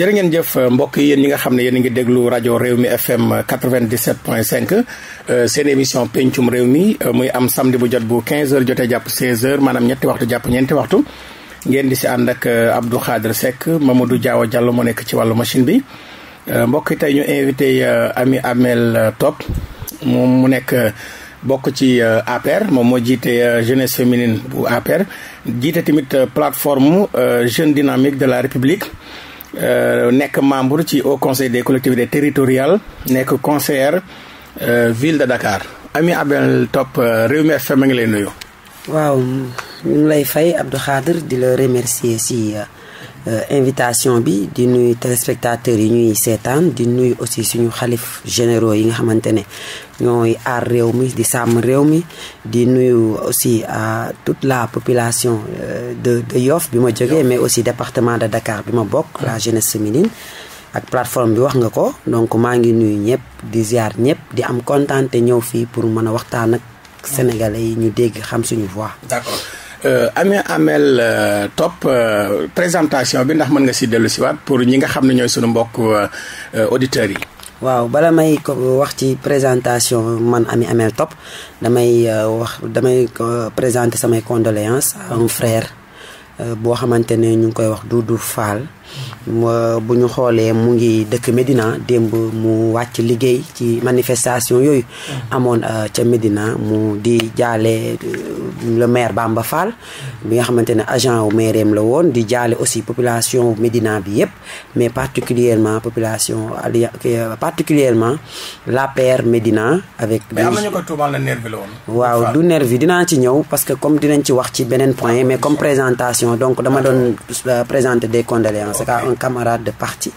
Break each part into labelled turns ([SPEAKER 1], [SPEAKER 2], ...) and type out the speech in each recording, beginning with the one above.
[SPEAKER 1] jërë ngeen jëf mbokk yi yéen ñi nga xam ne yéen a ngi déglu rajo réew mi fm 97.5 seen émission pencum réew mi euh, muy am samedi bu jot bu 15 heures jotee jàpp 16 heures maanaam ñetti waxtu jàpp ñeenti waxtu ngeen di si ànd ak euh, Abdou ma Seck Mamadou Diawa jàll moo nekk ci wàllu machine bi euh, mbokk yi tey ñu invité Ami Amel Top moom mu nekk bokk ci APR moom moo jiite jeunesse féminine bu APR jiite tamit plateforme jeune dynamique de la République Euh, nekk membre ci au conseil des collectivités territoriales nekk conseillère euh, ville de Dakar Ami Abel Top euh, Rewmi FM a ngi lay nuyu.
[SPEAKER 2] waaw ñu ngi lay fay Abdou di la remercier si. Euh, invitation bi di nuyu téléspectateurs yi ñuy seetaan di nuyu aussi suñu xalif généraux yi nga xamante ne ñooy aar réew mi di sàmm réew mi di nuyu aussi à toute la population euh, de de bi ma jógee mais aussi département de Dakar bi ma bokk la ah. jeunesse féminine ak plateforme bi wax nga ko donc maa ngi nuyu ñëpp di ziar ñëpp di am kontaan ñëw
[SPEAKER 1] fii pour mën a waxtaan ak ah. sénégalais yi ñu dégg xam suñu voix d'accord Euh, Amy Amel euh, Top euh, présentation bi ndax mën nga si dellu si waat pour ñi nga xam ne ñooy sunu mbokk auditeurs yi. waaw bala may ko wax ci
[SPEAKER 2] présentation man ami Amel Top damay wax damay présenter samay condoléances à un frère boo xamante ne ñu ngi koy wax du Doudou Fall. bu ñu xoolee mu ngi dëkk Médina démb mu wàcc liggéey ci manifestation yooyu mm. amoon euh, ca Médina mu di jaalee euh, le maire Bamba Fall bi nga xamante ne agent wu maireem la woon di jaale aussi population Médina bi yépp mais particulièrement population euh, particulièrement la paire Médina avec mais am nañu ko tuumaal na nervi la ci ñëw parce que comme dinañ ci wax ci beneen point ah, mais comme présentation donc dama ah, doon présenter des condoléances un camarade de parti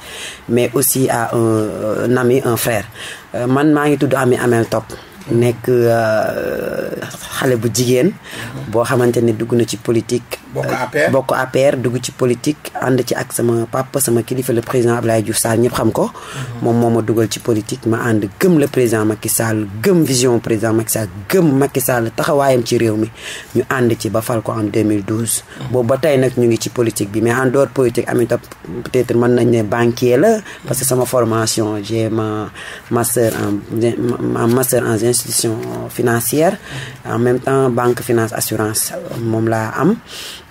[SPEAKER 2] mais aussi à un, euh, un ami un frère euh, man maa ngi tudd Ami Amel Top nekk euh, xale bu jigéen. boo xamante ne dugg na ci politique. bokk euh, APR bokk APR dugg ci politique ànd ci ak sama papa sama kilifa la président Abdoulaye Diouf Sall ñëpp xam ko. moom moo ma dugal ci politique ma ànd gëm le président Macky Sall gëm vision président Macky Sall gëm Macky Sall taxawaayam ci réew mi ñu ànd ci ba fal ko en 2012. boobu ba tey nag ñu ngi ci politique bi mais en dehors politique am itam peut-être mën nañ ne banquier la parce que sama formation j'ai ma master en ma master en institution financière en même temps banque finance assurance euh, moom laa am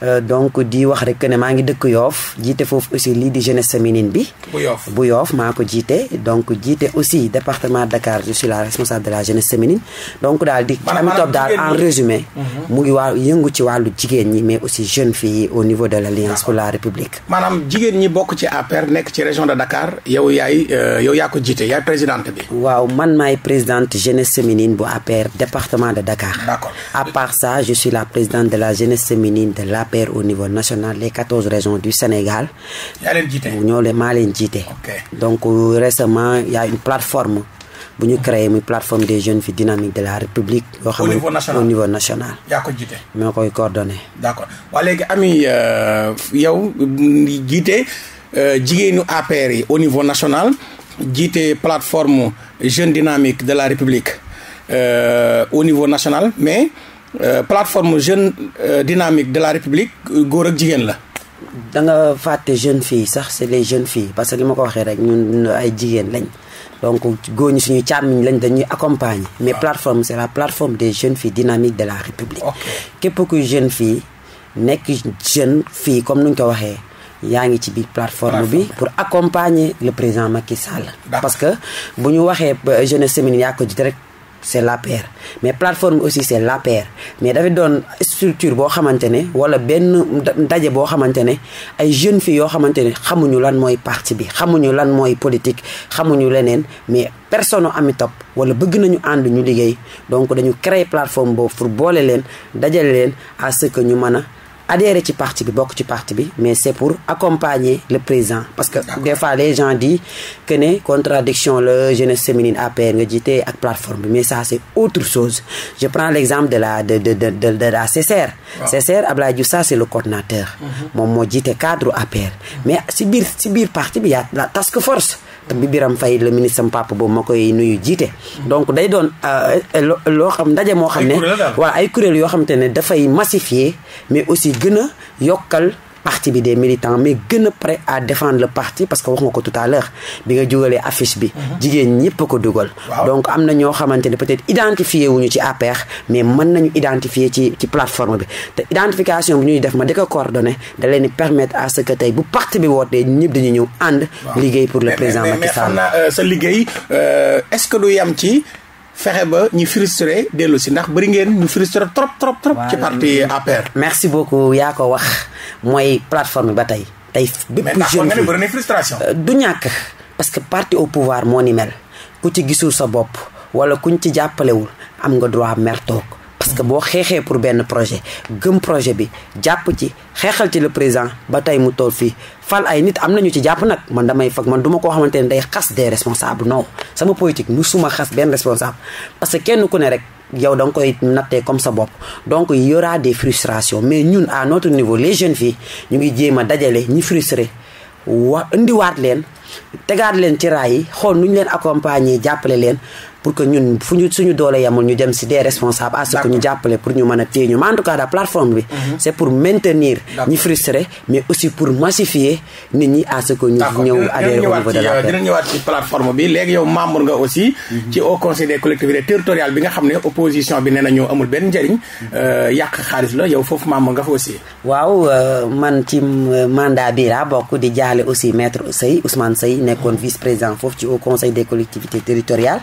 [SPEAKER 2] Euh, donc di wax rek ne maa ngi dëkk Yoff jiite foofu aussi lii di jeunesse féminine bi. bu Yoff bu Yoff maa ko jiite donc jiite aussi département Dakar je suis la responsable de la jeunesse féminine donc daal di. ami top ngi waa yëngu ci wàllu jigéen ñi mais aussi jeune fille au niveau de l' alliance pour la république.
[SPEAKER 1] ci APR nekk de Dakar yow yaay euh, yow yaa ko jiite yaay présidente bi. bu
[SPEAKER 2] APR département de d' accord à part ça la présidente de la jeunesse féminine de l' APR au niveau national les quatorze régions du Sénégal. yaa leen jiite ñoo leen maa donc euh, récemment il une plateforme. bu ñu créé muy plateforme des jeunes filles dynamiques de la République. yoo xam ne au niveau national yaa ko jiite. moo koy d'
[SPEAKER 1] accord waa léegi Ami euh, jiite euh, jigéenu APR yi au niveau national jiite plateforme jeune dynamique de la République au niveau national mais. Euh, plateforme jeune euh, dynamique de la république góor ak jigéen la.
[SPEAKER 2] da nga fàtte jeunes filles sax c'est les jeunes filles parce que li ma ko waxee rek ñun ay jigéen lañ. donc góor ñi suñuy càmmiñ lañ dañuy accompagner. Ah. mais plateforme c'est la plateforme des jeunes filles dynamiques de la république. képp kuy jeune fille nekk jeune fille comme nuñ ko waxee. yaa ngi ci biir plateforme bi pour accompagner le président Macky Sall. parce que bu ñu waxee jeunesse féminine yaa ko jiite c' est l'APR mais plateforme bi aussi c' est l'APR mais dafa doon structure boo xamante ne wala benn daje boo xamante ne ay jeunes filles yoo xamante ne xamuñu lan mooy parti bi xamuñu lan mooy politique xamuñu leneen mais personne ami topp wala bëgg nañu ànd ñu liggéey donc dañu créer plateforme boobu pour boole leen dajale leen à ce que ñu mën a adhérer ci parti bi bokk ci parti bi mais c'est pour accompagner le président parce que des fois les gens disent que ne contradiction la jeunesse féminine APR nga jiite ak plateforme bi mais ça c'est autre chose je prends l'exemple de la de de de de, de la CCR CCR c'est le coordonnateur mhm. moom moo jite cadre APR mais si biir si biir parti bi y task force te bi Biram fay le ministre am boobu ma koy nuyu jiite. donc day doon euh, loo xam ndaje moo xam ne. ay ay kuréel yoo xam te ne dafay massifier mais aussi gën a yokkal. parti bi des militants mais gën a prêt à défendre le parti parce que wax nga ko tout à l'heure bi nga jugalee affiche bi mhm. jigéen ñëpp ko dugal donc am na ñoo xamante ne peut-être identifié ci APR mais mën nañu identifier ci plateforme bi te identification bi ñuy def ma di ko coordonné da leen à ce que tey bu parti bi wootee ñëpp dañu ñëw ànd liggéey pour le président Macky
[SPEAKER 1] euh, sa liggéey euh, est du yam ci fexe ba ñu frustré dellu si ndax bëri ngeen ñu frustré trop trop trop. ci parti APR. merci
[SPEAKER 2] beaucoup yaa ko wax
[SPEAKER 1] mooy plateforme bi ba tey. tey bépp jeune
[SPEAKER 2] mais euh, du ñàkk parce que parti au pouvoir moo ni mel ku ci gisul sa bopp wala kuñ ci jàppalewul am nga droit mer toog. parce que boo xeexee pour benn projet gëm projet bi jàpp ci xeexal ci le président ba tey mu tool fii fal ay nit am nañu ci jàpp nag man damay fag man duma koo xamante ne day xas de responsables non sama politique mu suma xas benn responsable parce que kenn ku ne rek yow danga koy nattee comme sa bopp donc il y aura mais ñun à notre niveau les jeunes filles ñu ngi jéem a dajale ñi frustré wa indiwaat leen tegaat leen ci raay yi xool nu ñu leen accompagner jàppale leen pour que ñun fu ñu suñu doole yamul ñu dem si des responsables à ce que ñu jàppale pour ñu mën a téye ñu mais en tout cas la plateforme bi mhm. c'est pour ñi frustré mais aussi pour massifier nit ñi à ce que ñu ñëw adhéré au niveau de la euh, dina ñëwaat
[SPEAKER 1] bi léegi yow membre nga aussi mhm. bi nga xam ne opposition bi nee nañu euh, xaalis la yow foofu membre nga fa
[SPEAKER 2] aussi waaw euh, man ci mandat bi laa bokk di jaale aussi maître Sey Ousmane Sey nekkoon vice président foofu ci au conseil des collectivités territoriales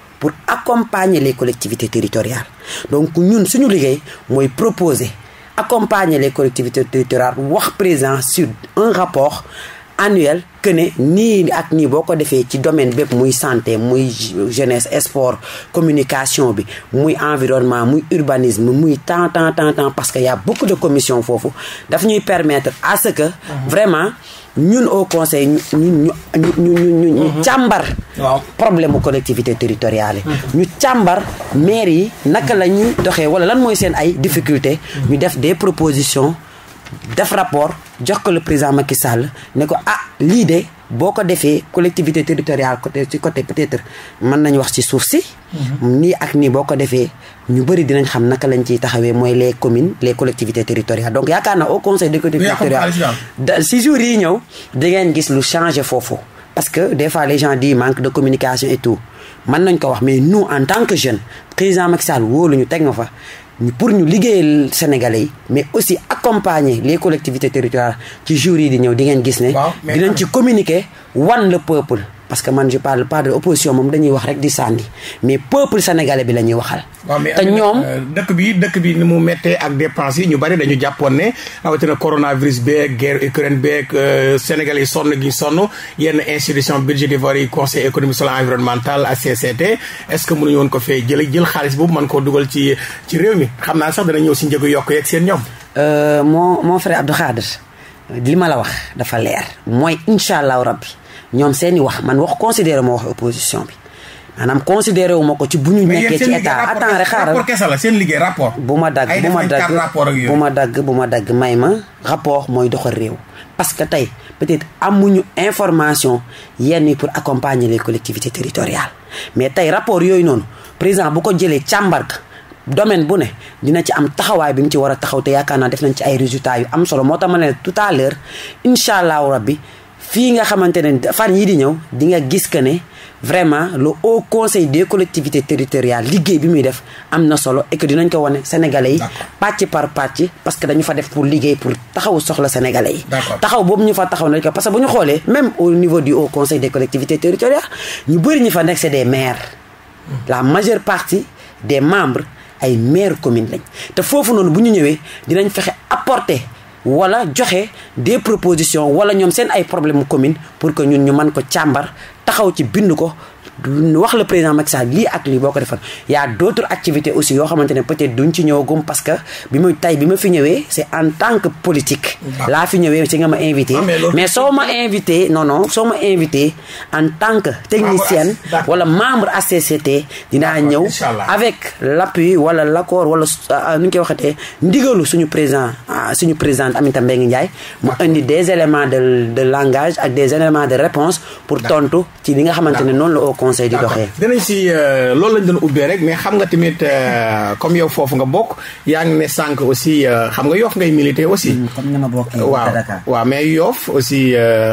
[SPEAKER 2] pour accompagner les collectivités territoriales donc ñun suñu liggéey mooy proposer accompagner les collectivités territoriales wax présent sur un rapport annuel que ne nii ak nii boo ko defee ci domaine bépp muy santé muy jeunesse sport communication bi muy environnement muy urbanisme muy tant tant tant tant parce que y a beaucoup de commissions foofu daf ñuy permettre à ce que mhm. vraiment ñun au conseil ñu ñu ñu ñu ñu mhm. càmbar. problème mu collectivité territoriale yi. Mhm. ñu càmbar maire yi naka la ñuy doxee wala lan mooy seen ay difficulté mhm. ñu def des propositions. def rapport jox ko le président Macky Sall ne ko ah lii de boo ko defee collectivité territoriale côté ci côté peut-être mën nañu wax ci suuf si. Mhm. ni ak nii boo ko defee ñu bëri dinañ xam naka lañ ci taxawee mooy les communes les collectivités territoriales donc yaakaar na au conseil des collectivités
[SPEAKER 1] territoriales
[SPEAKER 2] si jours yi ñëw di gis lu changé foofu. parce que des fois les gens disent manque de communication et tout mën nañ ko wax mais nous en tant que jeunes président Macky Sall wóolu ñu teg nga fa. pour ñu liggéeyal sénégalais yi mais aussi accompagner les collectivité territoriales ci jours yi di ñëw di ngeen gis ne dinañ ci communiquer wan le peuple parce que man je parle pas de opposition moom dañuy wax rek di sànni mais peuple sénégalais bi la ñuy waxal.
[SPEAKER 1] te ñoom euh, dëkk bi dëkk bi ni mu méttee ak dépenses yi ñu bari dañu jàppoon ne rawatina coronavirus beeg guerre Ukraine beeg euh, sénégalais yi sonn gi sonn yenn institution budgétivore yi conseil économique social environnemental ak CCT est-ce que mënuñu woon ko fee jël jël xaalis boobu mën ko dugal ci ci réew mi xam naa sax dana ñëw si njëgu yokk yeeg seen ñoom. Euh, mon mon frère ma la wax dafa
[SPEAKER 2] leer mooy incha allah ñoom seeni wax man wax considéré ma wax bi maanaam considéré wu ma ko ci bu ñu nekkee ci état seen liggéey rapport bu ma dagg bu ma dagg bu dagg bu ma dagg may ma rapport mooy doxal réew parce que tey peut-être amuñu information yenn yi pour accompagner les collectivités territoriales mais tey rapport yooyu noonu président bu ko jëlee càmbar ka domaine bu ne dina ci am taxawaay bi mu ci war a taxaw te yaakaar naa def nañ ci ay résultat yu am solo moo tax ma ne tout à l'heure incha allahu rabbi fii nga xamante ne fan yii di ñëw di nga gis que ne vraiment le haut conseil des collectivité territoriales liggéey bi muy def am na solo et que dinañ ko wane sénégalais yi pàcc par pàcc parce que dañu fa def pour liggéey pour taxaw soxla sénégalais yi taxaw boobu ñu fa taxaw nañ ko parce que bu ñu xoolee même au niveau du haut conseil des collectivités territoriales ñu bëri ñu fa nekk de maire maires la majeure partie des membres ay maire communes lañ te foofu noonu bu ñu ñëwee dinañ fexe apporter wala joxe des propositions wala ñoom seen ay problème commune pour que ñun ñu mën ko càmbar taxaw ci bindu ko wax le président Macky Sall lii ak lii boo ko defal y a d' autres activités aussi yoo xamante ne peut être duñ parce que bi ma tey bi ma fi ñëwee c' est en tant que politique laa fi ñëwee si nga ma invité ah, mais soo ma invité non non soo ma invité en tant que technicienne wala membre ACCT dinaa ñëw avec l' appui wala l' euh, euh, nu ñu koy waxatee ndigalu suñu président euh, suñu présidente Aminata Mbengue Ndiaye indi des éléments de de langage ak des éléments de réponse pour tontu conseil di doxee.
[SPEAKER 1] dinañ si euh, loolu lañ doon ubbee rek mais xam nga tamit euh, comme yow foofu nga bokk yaa ngi ne sànq aussi euh, xam nga yoof ngay milité aussi. Hmm, ma bokkee waaw waaw mais yoof aussi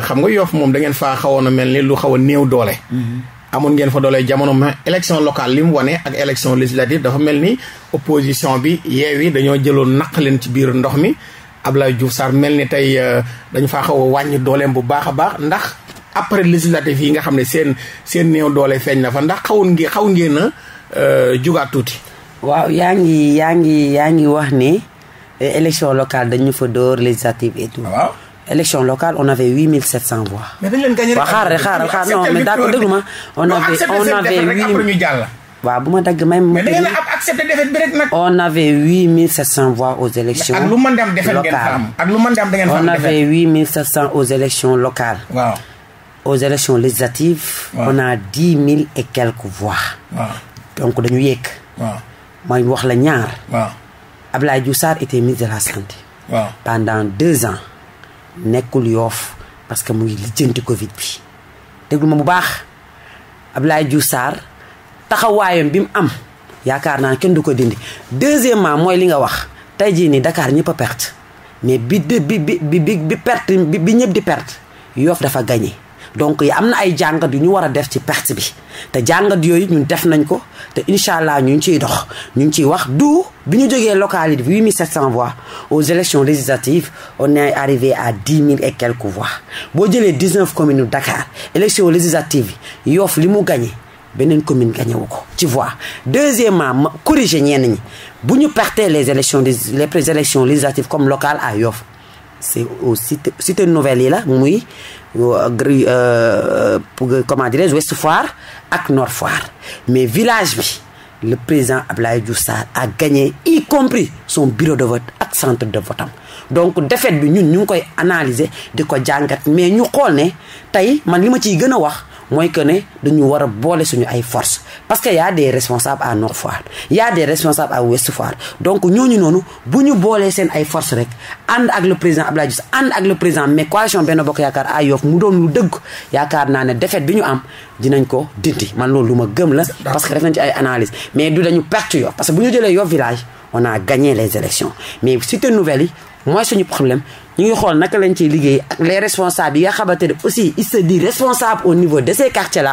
[SPEAKER 1] xam nga yoof moom da ngeen faa xawoon a mel ni lu xaw a néew doole. Hmm. amoon ngeen fa doole jamono ma élection locale li mu wane ak élection législative dafa mel ni opposition bi Yewwi dañoo jëloon naq leen ci biir ndox mi Abdoulaye Diouf Sarr mel ni tey dañu faa xaw a dooleem bu baax a baax ndax. après législative yi nga xam ne seen seen néew doole feeñ na fa ndax xawoon ngi xaw ngeen a euh, jugaat tuuti. waaw
[SPEAKER 2] yaa ngi yaa ngi yaa ngi wax ne eh, élection locale dañu fa door législative et tout. waaw élection locale on avait huit mille sept cent voix.
[SPEAKER 1] leen gagné rek xaaral xaaral xaaral non mais d'accord
[SPEAKER 2] waaw bu ma dagg may ma. a accepté défaite bi rek nag. on avait huit mille sept cent voix aux élections locales ak lu mën di am défaite ngeen fa am. aux élections législatives. Wow. on a mille et quelques voix. donc dañu yéeg. waaw wax la ñaar. waaw Abdoulaye Diouf Sarr était ministre de la pendant deux ans nekkul yoof parce que mu ngi lijjanti Covid bi. déglu ma bu baax Abdoulaye Diouf Sarr taxawaayam bi mu am yaakaar naa kenn du ko dindi deuxièmement mooy li nga wax tey jii nii Dakar ñëpp a perte mais bi bi bi bi bi ñëpp di perte yoof dafa gagné. donc am na ay jàngat yu ñu war a def ci perte bi te jàngat yooyu ñun def nañ ko te incha allah ñu ngi ciy dox ñu ngi ciy wax du bi ñu jógee locales yi de 8700 voix aux élections législatives on est arrivé à 10 e et quelques voix boo jëlee 19 communes yu Dakar élections législatives yi Yoff li mu gagné beneen commune gagné wu ko ci voix. deuxièmement ma corriger ñenn ñi bu ñu pertee les élections les élections législatives comme locales à Yoff c'est au cité cité nouvelle yi la muy euh, euh, comment dirais-je Ouest Foire ak Nord Foire mais village bi le président Abdoulaye Diouf Sarr a gagné y compris son bureau de vote ak centre de vote am donc défaite bi ñu ñu ngi koy analyser di ko jàngat mais ñu xool ne tey man li ma ciy gën a wax mooy que ne dañu war a boole suñu ay force parce que y a des responsables à Nord Foire y a des responsables à Foire donc ñooñu noonu bu ñu boolee seen ay force rek ànd ak le président Abdoulaye Diouf ànd ak le président mais coalition Benno Bokk Yaakaar ay Yoff mu yaakaar naa ne défaite bi ñu am dinañ ko dindi man loolu lu ma gëm la parce que def nañ ci ay mais du dañu perte Yoff parce que bu ñu jëlee Yoff village on a gagné les élections mais Cité Nouvelle yi mooy suñu problème ñu ngi xool naka lañ ci liggéey ak les responsables yi nga xamante aussi il se dit responsable au niveau de ces quartiers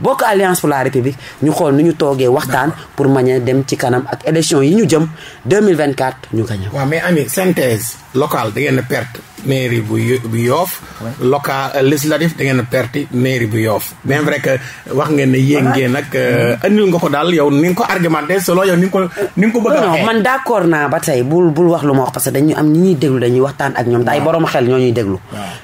[SPEAKER 2] bokk alliance pour la république ñu xool nu ñu toogee waxtaan pour mañ dem ci kanam ak élection yi ñu jëm 2024
[SPEAKER 1] ñu gañe waaw mais ami synthèse locale da ngeen a perte mairie bu bu yoof local euh, législatif da ngeen a perte mairie bu yoof bien vrai que wax ngeen ne yéen ngeen nag euh, andil nga ko daal yow ni nga ko argumenté selon yow ni nga ko ni nga ko bëgg a man d'accord wax
[SPEAKER 2] lu ma wax parce que dañu am ñi ñuy waxtaan ak ñoom te ay borom xel ñoo ñuy déglu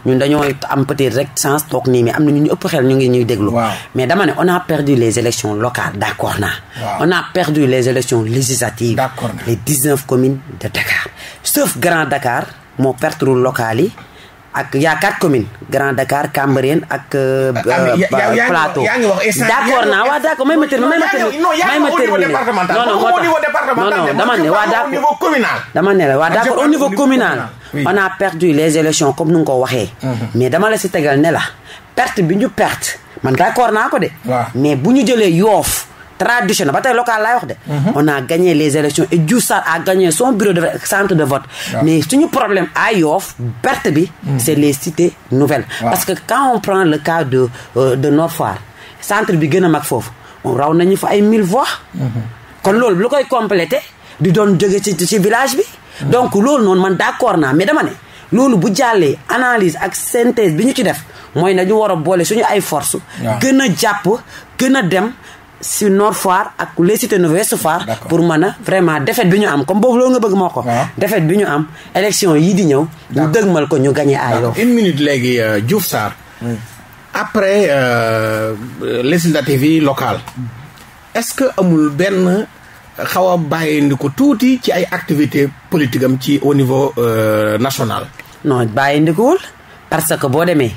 [SPEAKER 2] ñun dañoo am peut-être rek sens toog nii mais am na ñu ñu ëpp xel ñu ngi ñuy déglu mais dama ne on a perdu les élections locales d'accord naa on a perdu les élections législatives les 19 communes de Dakar sauf Grand Dakar mo perdre locales yi ak y' a quatre communes Grand Dakar Cambérène ak. Euh, ah, ah, Plateau d' accord naa waaw d' accord may ma terminer may ma terminer may dama ne waaw d' au niveau communal. on a les élections comme nu nga ko waxee. Mhm. mais dama la si tegal ne la perte bi ñu perte man d' accord naa ko de. mais bu ñu jëlee yoof traditionnel ba tey local laay wax de. Mhm. on a gagné les élections et Diouf Sarr a gagné son bureau de centre de vote. mais suñu problème à Yoff perte bi. Mhm. c' les cités nouvelle parce que quand on prend le cas de euh, de Foire centre bi gën a mag foofu raw nañu fa ay mille voix. Mhm. kon loolu lu koy complété di done jóge ci ci village bi. donc loolu noonu man d' accord naa mais dama ne loolu bu jàllee analyse ak synthèse bi ñu ci def mooy nañu war a boole suñu ay force gën a jàpp gën a dem. si Nord Foire ak les cités nouvelles Ouest Foire pour mën a vraiment défaite bi ñu am comme boobu loolu nga bëgg moo ko
[SPEAKER 1] ah. défaite bi ñu am élection yii di ñëw ñu mal ko ñu gagné aayoo une minute léegi euh, Diouf Sarr après euh, législatives yi local est-ce que amul benn xaw a bàyyindiku tuuti ci ay activité politique am ci au niveau euh, national non bàyyindikuwul parce que boo demee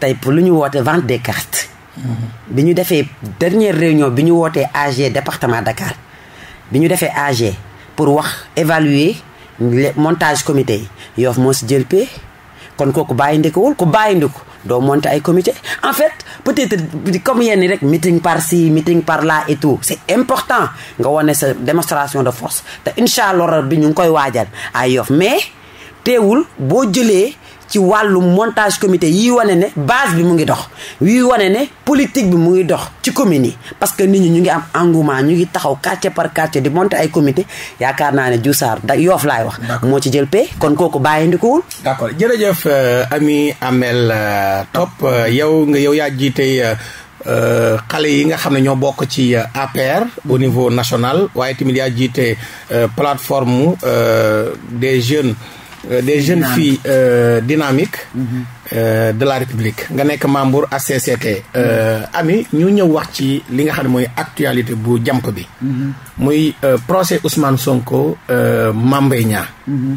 [SPEAKER 2] tey pour lu ñu woote vente des cartes bi ñu defee dernière réunion bi ñu wootee age département Dakar bi ñu defee age pour wax évaluer montage comité yi Yoff moo si jël pe kon kooku bàyyi ndikuwul ko bàyyi ndiku doo monter ay comité en fait peut-être comme yenn rek meeting par si meeting par là et tout c'est important nga wane sa démonstration de force te incha allah bi ñu ngi koy waajal ay Yoff mais teewul boo jëlee ci wàllu montage comité yi wane ne base bi mu ngi dox yi wane ne politique bi mu ngi dox ci communes yi parce que nit ñi ñu ngi am engouement ñu ngi taxaw quartier par quartier di monter ay comité yaakaar naa ne Dioussaar da yoof laay wax moo ci jël pee kon kooku
[SPEAKER 1] bàyyi ndikuwul d'accord jërëjëf euh, Amy Amel euh, Top euh, yow nga yow yaa jiite xale yi nga xam ne ñoo bokk ci uh, APR au niveau national waaye tamit yaa jiite uh, plateforme des jeunes Euh, des jeunes filles euh, dynamiques mhm. euh, de la République nga nekk membre ACCT mhm. ami ñu ñëw wax ci li nga xam ne mooy actualité bu jàmp bi mhm. muy procès Ousmane Sonko Mame Mbaye Niang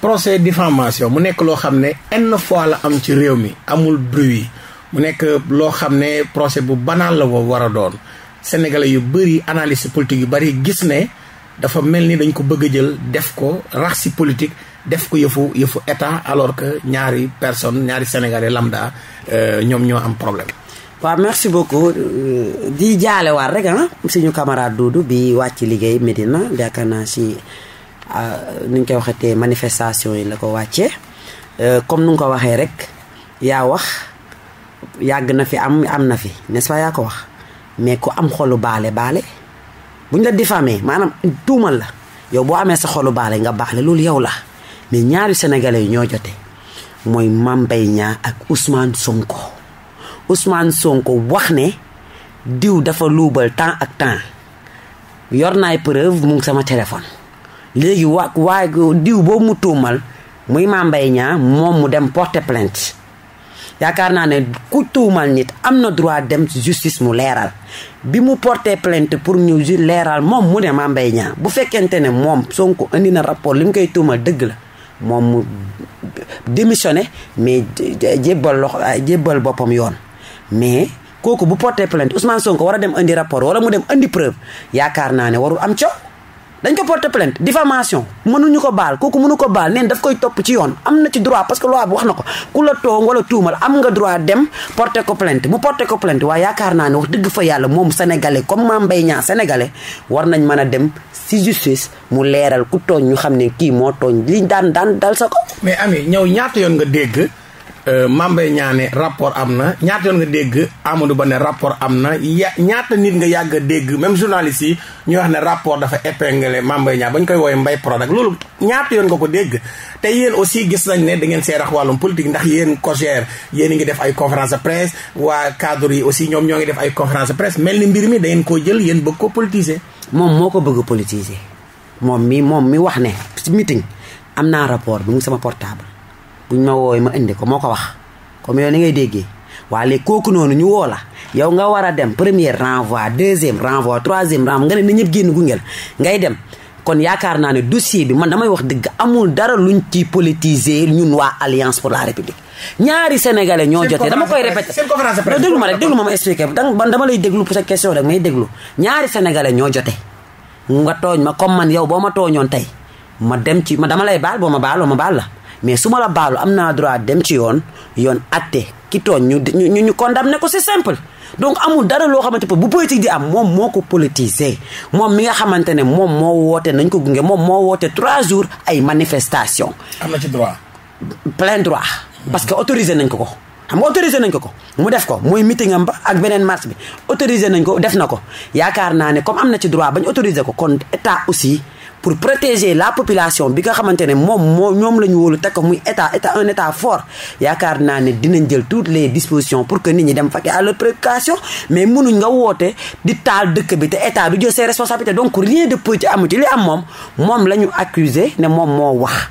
[SPEAKER 1] procès diffamation mu nekk loo xam ne n fois la am ci réew mi amul bruit mu nekk loo xam ne procès bu banal la war a doon sénégalais yu bëri analyste politique yu bëri gis ne dafa mel ni dañ ko bëgg jël def ko rax si politique def ko yëfu yëfu état alors que ñaari personne ñaari sénégalais lambda euh, ñoom ñoo am problème. waa merci beaucoup euh, di jaale waat rek ah
[SPEAKER 2] suñu camarade Doudou bi wàcc liggéey Medina yaakaar naa si ah, nu ñu koy te manifestation yi la ko wàccee euh, comme nu nga ko waxee rek yaa wax yàgg na fi am am na fi nest yaa ko wax mais ku am xolu baale baale buñ ñu la diffamé maanaam tuumal la yow boo amee sa xolu baale nga baale loolu yow la. mais ñaari sénégalais yi ñoo jotee mooy Mame ñaa ak Ousmane Sonko Ousmane Sonko wax ne diw dafa luubal temps ak temps yor naay preuve mu sama téléphone léegi wa waaye diw boobu mu tuumal muy Mame Mbaye Niang moom mu dem porter plainte yaakaar naa ne ku tuumal nit am na droit dem justice mu leeral bi mu porte plainte pour ñu leeral moom mu ne Mame Mbaye Niang bu fekkente ne moom Sonko indi na rapport li mu koy tuumal dëgg la moom mu démissionné mais jébbal loxo jébbal boppam yoon mais kooku bu porté plainte Ousmane ko war a dem indi rapport wala mu dem indi preuve yaakaar naa ne waru am coow dañ ko porté plainte diffamation mënuñu ko baal kooku mënu ko baal neen daf koy topp ci yoon am na ci droit parce que loi bi wax na ko ku la tooñ wala tuumal am nga droit dem porté ko plainte mu porté ko plainte waaye yaakaar naa ne wax dëgg fa yàlla moom sénégalais comme Mame Mbaye Niang sénégalais war nañ mën a dem si justice mu leeral ku tooñ ñu xam ne kii moo
[SPEAKER 1] tooñ liñ daan daan dal sa ko. mais Ami ñëw ñaata yoon nga dégg. Euh, Mame Mbaye Niang ne rapport am na ñaata yoon nga dégg Amadou Ba ne rapport am na ñaata nit nga yàgg a dégg même journaliste yi ñuy wax ne rapport dafa épinglé Mame Mbaye Niang ba ñu koy woowee Mbaye Prodac loolu ñaata yoon nga ko dégg te yéen aussi gis nañ ne da ngeen see rax wàllum politique ndax yéen COJER yéen a ngi def ay conférence de presse waa cadre yi aussi ñoom ñoo ngi def ay conférence de presse mel ni mbir mi da ngeen koo jël yéen bëgg ko politiser moom moo ko bëgg a politiser moom mi moom mi wax ne ci meeting
[SPEAKER 2] am naa rapport bi mu sama portable buñ ma woowee ma indi ko moo ko wax comme yow ni ngay déggee waa léegi kooku noonu ñu woo la yow nga war a dem première renvoi deuxième renvoi troisième renvoi nga ne na ñëpp génn gunge la ngay dem kon yaakaar naa ne dossier bi man damay wax dëgg amul dara lu luñ ci politiser ñun waa alliance pour la république ñaari sénégal sénégalais ñoo jotee dama koy répété non déglu ma rek déglu ma ma expliqué danga dama lay déglu pour sa question rek may déglu ñaari sénégalais ñoo jotee nga tooñ ma comme man yow boo ma tooñoon tey ma dem ci ma dama lay baal boo ma baaloo ma baal la mais suma la baalo am naa droit dem ci yoon yoon atte ki tooñ ñu ñu ñu condamné ko si simple donc amul dara loo xamante bu politique di am moom moo ko politisé moom mi nga xamante ne moom moo woote nañ ko gunge moom moo woote trois jours ay manifestation am na ci droit plein droit parce que autorisé nañ ko ko xam nga nañ ko ko mu def ko muy meeting ba ak beneen marche bi autorisé nañ ko def na ko yaakaar naa ne comme am na ci droit bañ autorisé ko kon état aussi pour protéger la population bi nga xamante ne moom moo ñoom la ñu wóolu teg ko muy état état un état fort yaakaar naa ne dinañ jël toutes les dispositions pour que nit ñi dem fàtte à leur préoccupation mais mënuñ nga woote di taal dëkk bi te état du jël ses responsabilités donc rien de petit amu ci li am moom moom la ñu accusé ne moom moo wax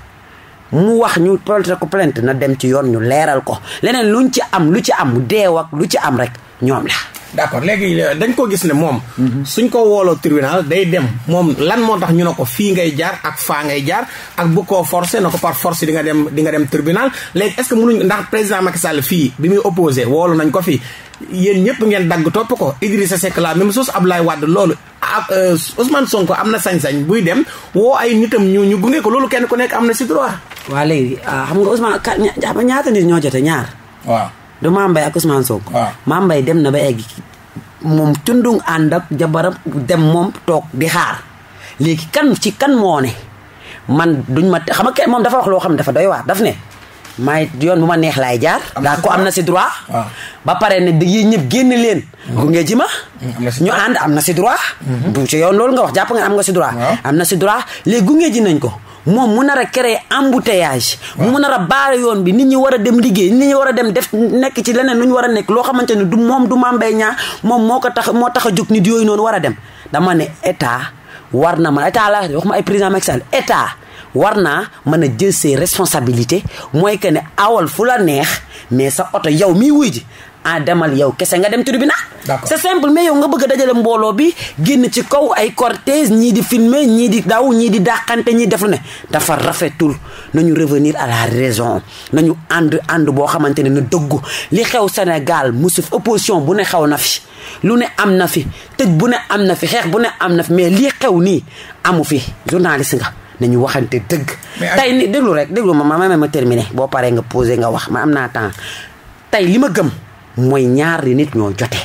[SPEAKER 2] mu wax ñu porté ko plainte na dem ci yoon ñu leeral ko leneen luñ ci am
[SPEAKER 1] lu ci am deew ak lu ci am rek ñoom la d'accord léegi euh, dañ ko gis ne moom. suñ ko wooloo tribunal day dem moom lan moo tax ñu ne ko fii ngay jaar ak faa ngay jaar ak bu ko forcé na ko par force di nga dem di nga dem tribunal léegi est-ce que mënuñ ndax président Macky Sall fii bi muy opposé woolu nañ ko fii. yéen ñëpp ngeen dagg topp ko Idrissa Seck la même chose Abdoulaye Wade loolu ah Ousmane Sonko am na sañ-sañ buy dem woo ay nitam ñu ñu gunge ko loolu kenn ku
[SPEAKER 2] nekk am na si droit. waa léegi ah, xam nga Ousmane ñaata nit ñoo jote ñaar waaw. du Mame Mbaye ak Ousmane Sonko. waaw Mame Mbaye dem na ba egg moom tundung ànd ak jabaram dem moom toog di xaar léegi kan ci kan moo ne man duñ ma xam nga moom dafa wax loo xam ne dafa doy waar daf ne. maay yoon bu ma neex laay jaar. daa ko am na si droit. ba pare ne yéen ñëpp génn leen. Mm-hmm. gunge ji ma. Mm, ñu ànd am na si droit. Mm-hmm. du yoon loolu nga wax jàpp nga am nga si droit. am na si droit léegi gunge ji nañ ko. moom mu nar a créer embouteillage. mu mu nar a baare yoon bi nit ñi war a dem liggéey nit ñi war a dem def nekk ci leneen lu ñu war a nekk loo xamante ne du moom du Mame Mbaye Niang moom moo ko tax moo tax a jóg nit yooyu noonu war a dem dama ne état war na ma man état la wax ma ay président Macky Sall état. war naa mën a jël see responsabilités mooy que ne awal fu la neex mais sa oto yow mii wuy ji ah demal yow kese nga dem tribunal. d'accord c'est simple mais yow nga bëgg a dajale mbooloo bi génn ci kaw ay cortège ñii di filmer ñii di daw ñii di dàqante ñii def lu ne dafa rafetul nañu revenir a la raison nañu ànd ànd boo xamante ne na dëggu li xew Sénégal musuf opposition bu ne xew na fi lu ne am na fi te bu ne am na fi xeex bu ne am na fi mais lii xew nii amu fi journaliste nañu waxante dëgg. tey ni déglu rek déglu ma ma ma terminé boo paree nga posé nga wax ma am naa temps tey li ma gëm mooy ñaari nit ñoo jote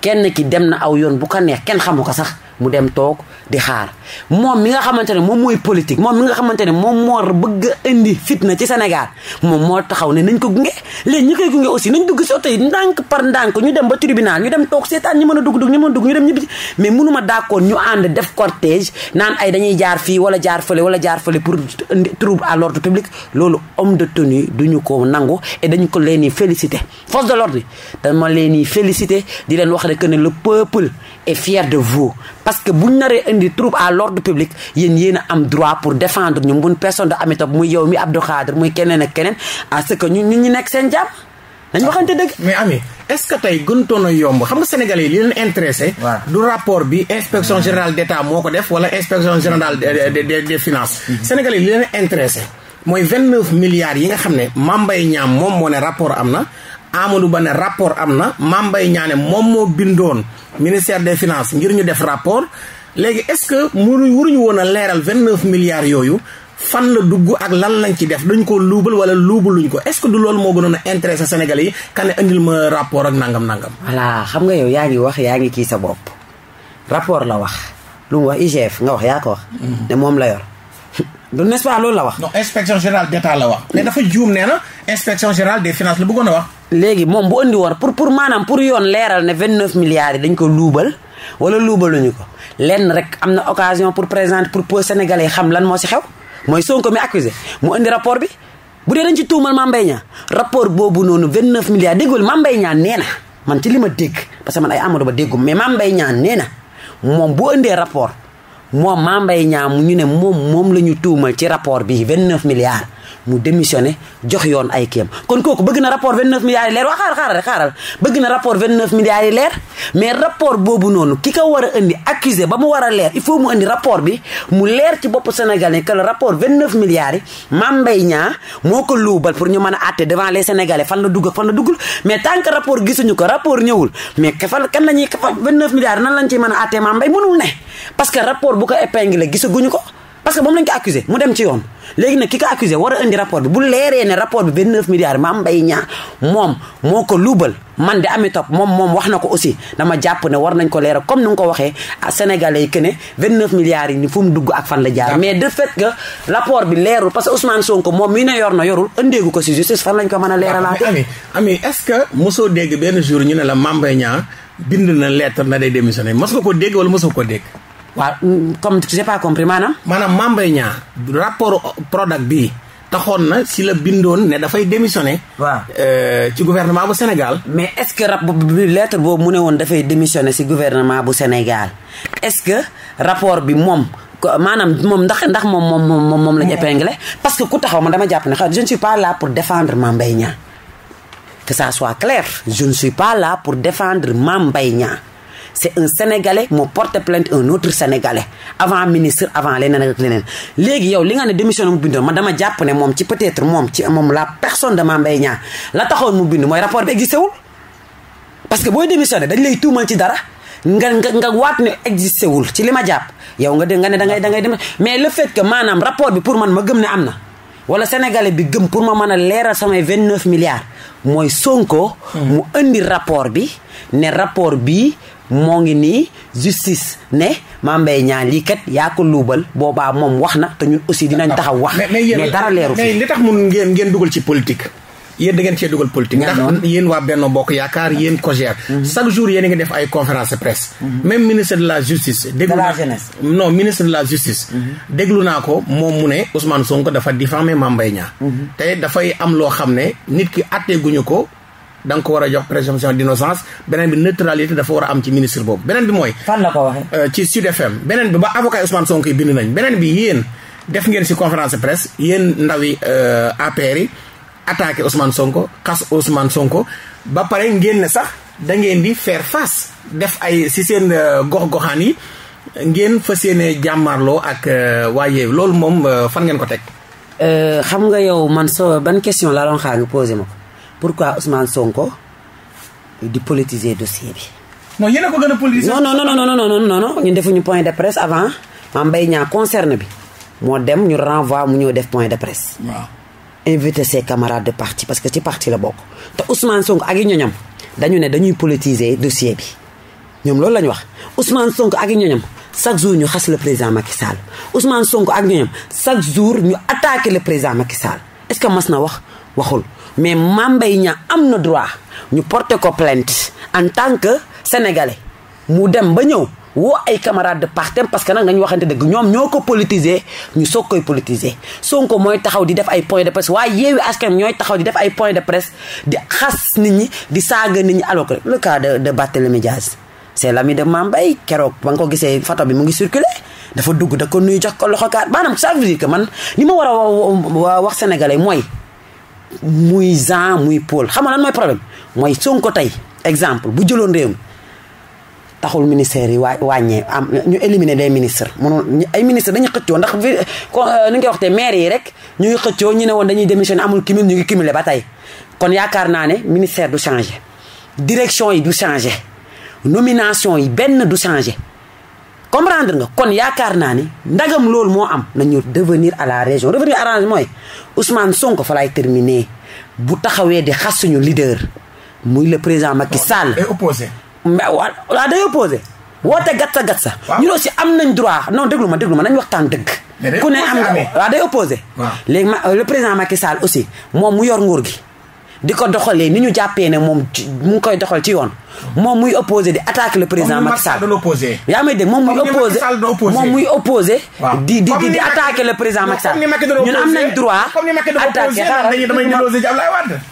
[SPEAKER 2] kenn ki dem na aw yoon bu ko neex kenn xamu ko sax mu dem toog di xaar. moom mi nga xamante ne moom mooy politique moom mi nga xamante ne moom moo bëgg a indi fitna ci Sénégal moom moo taxaw ne nañ ko gunge léegi ñi koy gunge aussi nañ dugg si oto yi ndànk par ndànk ñu dem ba tribunal ñu dem toog seetaan ñu mën a dugg dugg ñu a dugg ñu dem ñibbi mais mënuma d'accord ñu ànd def cortège naan ay dañuy jaar fii wala jaar fële wala jaar fële pour indi trouble à l'ordre public loolu homme de tenue duñu ko nangu et dañu ko leen di féliciter force de l'ordre dama leen di féliciter di wax ne le peuple est fier l'ordre public yéen yéen a am droit pour défendre ñu mun personne de amitop muy yow mi Abdou Khadre muy keneen ak keneen à ce que ñu ñu nekk seen jàmm dañu ah, waxante
[SPEAKER 1] dëgg mais Ami est-ce que tey gëntoon yomb xam nga sénégalais yi li leen intéressé bi inspection générale d'État moo ko def wala inspection générale des finances mhm. sénégalais yi li leen intéressé mooy vingt-neuf milliards yi nga xam ne mambay ñaam Niang moom moo ne rapport am na Amadou Ba ne rapport am na mambay Mbaye ne moom moo bindoon ministère des finances ngir ñu def rapport léegi est-ce que mënuñ waruñu woon a leeral vingt neuf milliards yooyu fan la dugg ak lan lañ ci def dañ ko luubal wala luubaluñ ko est-ce que du loolu moo gënoon a intéressé Sénégalais yi kan ne ak nangam-nangam.
[SPEAKER 2] voilà xam nga yow yaa ngi wax yaa ngi kii sa bopp
[SPEAKER 1] rapport la wax lu mu wax nga wax yaa ko wax. Mm-hmm. ne moom la yor. du n'est-ce pas loolu la wax. non inspection générale d'État wax. mais dafa juum nee na inspection générale des finances la a wax. léegi
[SPEAKER 2] moom bu andi woon pour pour maanaam pour yoon leeral ne vingt neuf milliards dañ ko luubal wala luubaluñu ko. lenn rek am na occasion pour présenter pour pour sénégalais xam lan moo si xew mooy Sonko mi accusé mu indi rapport bi bu dee dañ ci tuumal Mame Mbaye Niang rapport boobu noonu 29 milliards déggul Mame Mbaye Niang nee na man ci li ma dégg parce que man ay Amadou Ba déggum mais Mame Mbaye Niang moom bu indee rapport moom Mame Mbaye mu ñu ne moom moom la ñu tuumal ci rapport bi 29 milliards. mu démissionné jox yoon ay kéem kon kooku bëgg na rapport 29 milliards yi leer waa xaaral xaaral rek xaaral bëgg na rapport 29 milliards yi leer mais rapport boobu noonu ki ko war a indi accusé ba mu war a leer il faut mu indi rapport bi mu leer ci bopp sénégalais que le rapport 29 milliards yi Mame Mbaye Niang moo ko luubal pour ñu mën a àtte devant les sénégalais fan la dugg fan la duggul mais tant que rapport ko rapport ñëwul mais fan kan nan lañ ciy mën a àtte Mame Mbaye mënul ne parce que rapport bu ko épinglé gisaguñu ko parce que moom lañ ko mu dem ci yoon léegi nag ki ko accusé war a indi rapport bi bu leeree ne rapport bi ko luubal man de ami topp moom moom wax na ko aussi dama jàpp ne war nañ ko leeral comme ni nga ko waxee sénégalais yi que ne 29 milliards yi ni fu mu dugg fan la jaar mais de fait que que
[SPEAKER 1] Ousmane Sonko moom mii ne yor na yorul ëndeegu ko si justice fan lañ ko mën a leeralaate ami ami est-ce que mosoo benn jour ñu ne la Mame Mbaye Niang bind na lettre na day démissionné mos nga ko dégg wala mosoo ko dégg waaw mm, comme j'ai pas compris maanaam. maanaam Mame Mbaye Niang rapport Prodac bi taxoon na si la bindoon ne dafay démissionné. waaw euh, ci gouvernement bu
[SPEAKER 2] Sénégal. mais est-ce que rapport bi boobu mu ne woon dafay démissionné si gouvernement bu Sénégal est-ce que rapport bi moom. maanaam moom ndax ndax moom moom moom moom lañu épinglé parce que ku taxaw ma dama jàpp ne xaw je ne pas là pour défendre Mame Mbaye Niang ça soit clair je ne suis pas là pour défendre Mame Mbaye Niang c'est un sénégalais moo porte plainte un autre sénégalais avant ministre avant leneen ak leneen léegi yow li nga ne démission mu bindoon man dama jàpp ne moom ci peut-être moom ci moom la personne de Mame Mbaye la taxoon mu bind mooy rapport bi existé wul parce que booy démissionné dañ lay tuumal ci dara nga nga nga waat ne existé wul ci li ma jàpp yow nga de nga ne da ngay da dem mais la fait que maanaam rapport bi pour man ma gëm ne am na wala sénégalais bi gëm pour ma mën a leeral samay 29 milliards mooy Sonko. Hmm. mu indi rapport bi ne rapport bii moo ngi nii justice ne Mame Mbaye Niang lii kat yaa ko luubal boobaa moom wax na te ñun aussi dinañ taxaw wax. mais dara leeru fi mais
[SPEAKER 1] li tax mun ngeen ngeen dugal ci politique. yéen da ngeen cee dugal politique ndax yéen waa Benno Bokk Yaakaar yéen COJER mhm. chaque jour yéen a ngi def ay conférence presse mhm. même ministre de la justice déglu naa non ministre la justice mhm. déglu naa ko moom mu ne Ousmane Sonko dafa diffamé Mame Mbaye Niang te dafay am loo xam ne nit ki atteeguñu ko da ko war a jox présomption d'innocence beneen bi neutralité dafa war a am ci ministre boobu beneen bi mooy. fan la ko waxee. Euh, ci Sud beneen bi ba avocat Ousmane Sonko yi bind nañ beneen bi yéen def ngeen si conférence de presse yéen ndawi euh, APR yi attaqué Ousmane Sonko xas Ousmane Sonko ba pare ngeen ne sax da ngeen di faire face def ay si seen euh, gox-goxaan yi ngeen fas yéene jàmmarloo ak waaye loolu moom fan ngeen ko teg.
[SPEAKER 2] xam nga yow man so ban question laa doon xaar nga posé ma ko. pourquoi Ousmane Sonko di politiser dossier bi.
[SPEAKER 1] non yéen a ko gën a politiser. non non non non
[SPEAKER 2] non defuñu point de presse avant Mame Mbaye Niang bi moo dem ñu renvoi mu ñëw def point de presse. waaw invité ses camarades parce que ci parti la bokk te Ousmane Sonko ak i ñoñam dañu ne dañuy politiser dossier bi ñoom loolu la ñu wax Ousmane Sonko ak i ñoñam. chaque jour ñu xas le président Macky Sall Ousmane Sonko ak jour ñu attaqué président Macky est-ce que mas na wax waxul mais Mame Mbaye Niang am na droit ñu porte ko plainte en tant que sénégalais mu dem ba ñëw woo ay camarades de parti parce que nag nañu waxante dëgg ñoom ñoo ko politiser ñu soog koy politiser Sonko mooy taxaw di def ay point de presse waaye Yewwi Askan ñooy taxaw di def ay point de presse di xas nit ñi di saaga nit ñi alors que le cas de de Barthélémy Diaz c'est l'ami de Mame Mbaye keroog ba nga ko gisee photo bi mu ngi circuler dafa dugg da ko nuy jox ko loxo kaat maanaam ça veut dire que man li ma war a wax sénégalais mooy. muy Jean muy Paul xam nga lan mooy problème mooy Sonko tey exemple bu jëloon réew mi taxul ministère yi waa wàññee am ñu éliminer des ministres mënoon ay ministres dañuy xëccoo ndax vi ni euh, nga waxtee maire yi rek ñu ngi xëccoo ñu ne woon dañuy démissionné amul cumul ñu ngi cumulé ba tey kon yaakaar naa ne ministère du changé direction yi du changé nomination yi benn du changé comprendre nga kon yaakaar naa ni ndagam loolu moo am nañu revenir à la région revenir arrange mooy Ousmane Sonko fa lay terminer bu taxawee di xas suñu leader muy le président Macky Sall. day opposé. waaw day opposé woote gatsa gatsa. waaw ñun aussi am nañ droit non déglu ma déglu ma nañ waxtaan dëgg. ku ne am nga waaw day opposé. ma le président Macky Sall aussi moom mu yor nguur gi. di ko doxalee ni ñu jàppee ne moom mu ngi koy doxal ci yoon moom muy opposé di attaquer le président Macky Sall yaa may dégg moom muy opposé moom muy opposé di di di attaquer le président Macky Sall ñun am nañ droit attaquer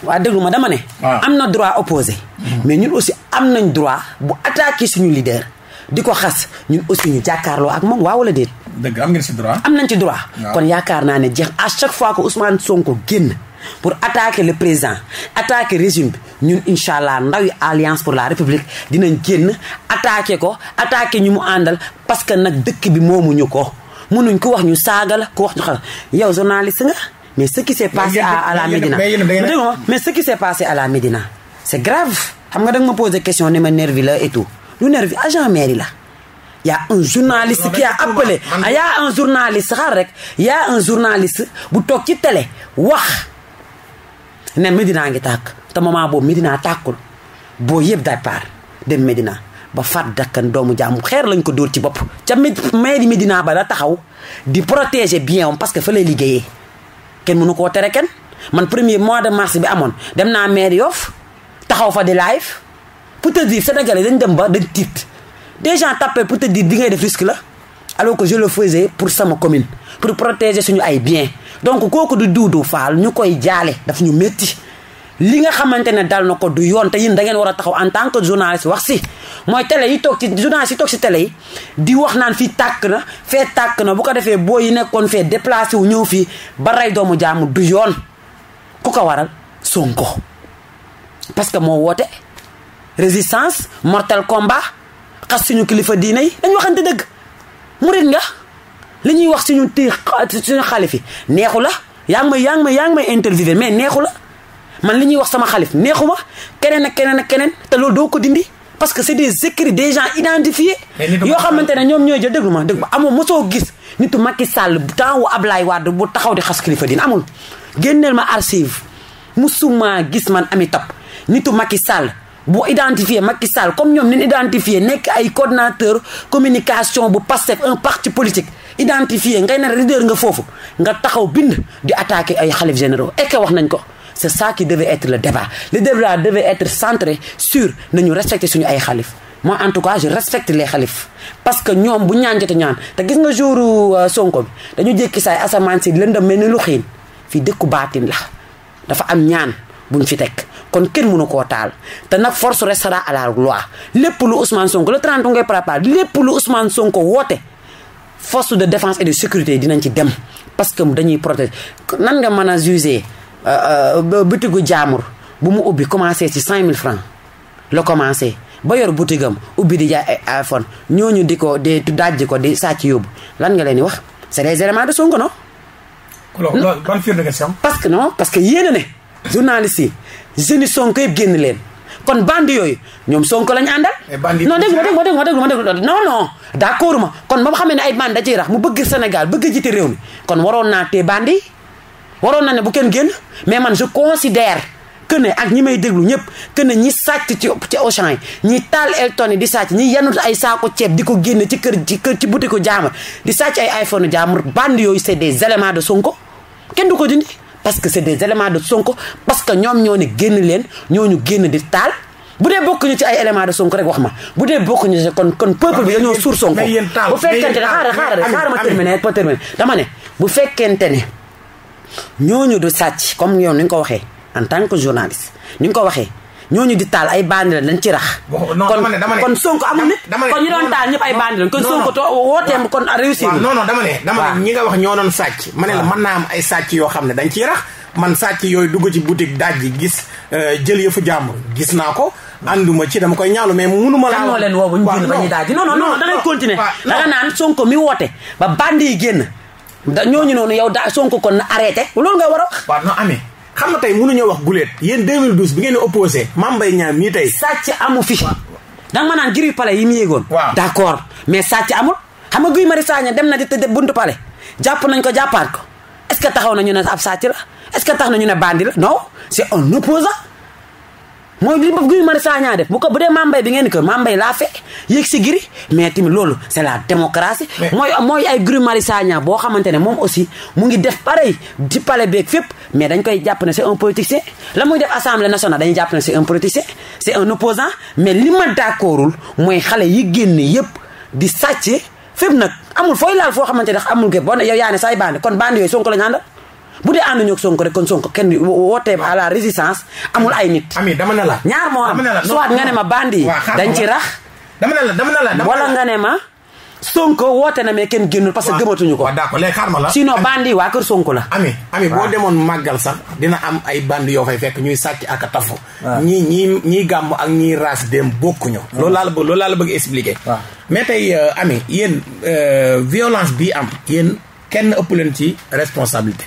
[SPEAKER 2] waaw déglu ma dama ne am na droit opposé hmm. mais ñun aussi am nañ droit bu attaquer suñu leader di ko xas ñun aussi ñu jàkkaarloo ak moom waaw wala déet dëgg am ngeen ci droit am nañ ci droit kon yaakaar naa ne jeex à chaque fois que Ousmane Sonko génn pour attaquer le président attaquer régime bi ñun incha allah ndaw yi alliance pour la république dinañ génn attaquer ko attaquer ñu mu àndal parce que nag dëkk bi moomuñu ko mënuñ ko wax ñu saaga la ko wax ñu xam yow journaliste nga mais ce qui s'est passé à la Médina mais ce qui s'est passé à la Médina c'est grave xam nga da nga ma posé question ne ma nervi la et tout lu nervi agent mairie la ya a un journaliste qui a appelé a un journaliste xaar rek y un journaliste bu toog ci wax ne Medina ngi tàkk te moment boobu Medina tàkkul boo yëpp départ dem Medina ba faat dakkan doomu jàmm xeer lañ ko dóor ci bopp ca mairie Medina ba la taxaw di protéger bien am parce que fa lay liggéeyee kenn mënu koo tere kenn man premier mois de mars bi amoon dem naa mairie Yoff taxaw fa di live pour te dire sénégalais dañ dem ba dañ tiit des gens tapé pour te dire di ngay def risque la alors que je le pour sama commune pour protéger suñu ay bien donc kooku du Doudou Fall ñu koy jaale daf ñu métti lii nga xamante ne dal na ko du yoon te yéen da ngeen war a taxaw en tant que journaliste wax si mooy télé yi toog ci journaliste yi toog si tele yi di wax naan fii tàkk na fee tàkk na bu ko defee boo yi nekkoon fee déplacé wu ñëw fii ba rey doomu jaamu du yoon ku ko waral Sonko parce que moo woote résistance mortel combat xas suñu kilifa diine yi dañ waxante dëgg murit nga li ñuy wax si ñun tey suñu xalif yi neexu la yaa ngi ma yaa ngi may yaa ngi may interviewé mais neexu la man li ñuy wax sama xalif neexu ma keneen ak keneen ak keneen te loolu doo ko dindi parce que c' est des écrits des gens identifiés yoo xamante ne ñoom ñooy jël déglu ma déglu ma amoo mosoo gis nitu Macky Sall temps wu Ablaye Wade bu taxaw di xas kilifa din amul génneel ma archive musuma gis man ami tab nitu Macky Sall bu identifié Macky Sall comme ñoom ni ñu nekk ay coordonnateur communication bu Pastef parti politique identifié ngay ne leader nga foofu nga taxaw bind di attaquer ay xalif généraux et wax nañ ko c'est ça qui devait être le débat le débat être centré sur na ñu respecter suñu ay xalif moi en tout cas respecte les xalif parce que ñoom bu ñaan jotee ñaan te gis nga jouru euh, Sonko bi dañu jékki saay asamaan si lëndëm mel ni lu xiin fii dëkku baatin la dafa am ñaan buñ fi teg kon kenn mënu koo taal te nag force restera à la loi lépp lu Ousmane Sonko le 30 ngay préparé lépp lu Ousmane Sonko woote force de défence et de sécurité dinañ ci dem parce que dañuy protéger nan nga mën a juger euh, euh, gu jaamur bu mu ubbi commencé ci mille francs la commencé ba yor mu ubbi di jaay ay iPhone ñooñu di ko di dajji ko di sàcc yóbbu lan nga leen di wax c'est des éléments de Sonko non. loolu ban firnde nga si parce que non parce que yéen a ne journaliste yi jeunes génn leen. kon bandi yooyu ñoom Sonko lañ àndal. non dégg ma dégg ma dégg ma dégg ma dégg non non d' accord kon ba ma xamee ne ay bandi da ciy rax mu bëgg Sénégal bëgg jiite réew mi kon waroon naa tee bandi waroon na ne bu kenn génn mais man je considère que ak ñi may déglu ñëpp que ne ñi sàcc ci ci Auchan yi ñi taal Elton yi di sàcc ñi yanut ay saako ceeb di ko génne ci kër ci kër ci boutique jaamur di sàcc ay iPhone jaamur bandi yooyu c' est des éléments de Sonko kenn du ko parce que c'est des éléments de Sonko parce que ñoom ñoo ne génn leen ñoo ñu génn di taal bu dee bokkuñu ci ay éléments de Sonko rek wax ma bu dee bokkuñu ci kon kon peuple bi dañoo suur Sonko bu fekkente ne xaaral xaaral xaaral ma terminer ma terminer dama ne bu fekkente ne ñooñu du sàcc comme yow ni nga ko waxee en tant que journaliste ni nga ko waxee ñooñu di taal ay bandi lañ dañ ci rax. kon kon Sonko
[SPEAKER 1] amul nit. kon ñu doon taal ñëpp ay bandi lañ kon Sonko too wooteem kon réussir. non non dama ne ñi wax ñoo doon sàcc. ma ne la mën naa am ay sàcc yoo xam ne dañ ciy rax man sàcc yooyu dugg ci boutique daaj ji gis euh, jël fu jàmbur gis naa ko. ànduma ci dama koy ñaalu mais munu ma la. kan leen woo ba ñu génn ba ñu daaj non non non dangay continuer. da nga
[SPEAKER 2] naan mi woote ba bandi yi génn. da ñooñu noonu yow daa Sonko kon na arrêté loolu nga war a wax. waaw amee xam nga tey mënuñoo wax guléet yéen 2012 bi ngeen di opposé Mame Mbaye Niang mii tey sàcc amu fi danga ma naan giri palais yi mu yéegoon waaw d' accord mais sàcc amul xam nga Guy Marius Sagna dem na di tëdd buntu palais jàpp nañ ko jàppaat ko est ce que taxaw nañu ne ab sàcc la est ce que tax nañu ne bandi la non c' est un opposant mooy li Guy Marius Sagna def bu ko bu dee mambay bi ngeen di kër mambay laa fe yéeg si giri mais tamit loolu c'est la démocratie mooy mooy ay Guy Marius Sagna boo xamante ne moom aussi mu ngi def pareil di pale beeg fépp mais dañ koy jàpp ne c'est un politicien la muy def assemblée nationale dañuy jàpp ne c'est un politicien c'est un opposant mais li ma d'accordul mooy xale yi génn yëpp di sàcce fépp nag amul fooy laal foo xamante amul ge bon yow yaa ne saay bande kon bande yooyu Sonko lañu bu dee ànd ñoog Sonko rek kon Sonko kenn wootee à la résistance amul ay nit. ami dama ne la ñaar moo am soit nga ne ma bandi dañ ci rax. dama ne la dama ne la nga ne ma.
[SPEAKER 1] Sonko woote na mais kenn génnul parce que gëmatuñu ko. waaw d'accord ma la. sinon bandi waa kër Sonko la. ami ami boo demoon màggal sax dina am ay bandi yoo fay fekk ñuy sàcc ak a tafu. ñii ñii ñii gàmm ak ñii raas dem bokkuñu. loolu laa la bëgg loolu laa la bëgg expliquer. mais tey euh, ami yéen euh, violence bi am yéen. kenn ëpp leen ci responsabilité.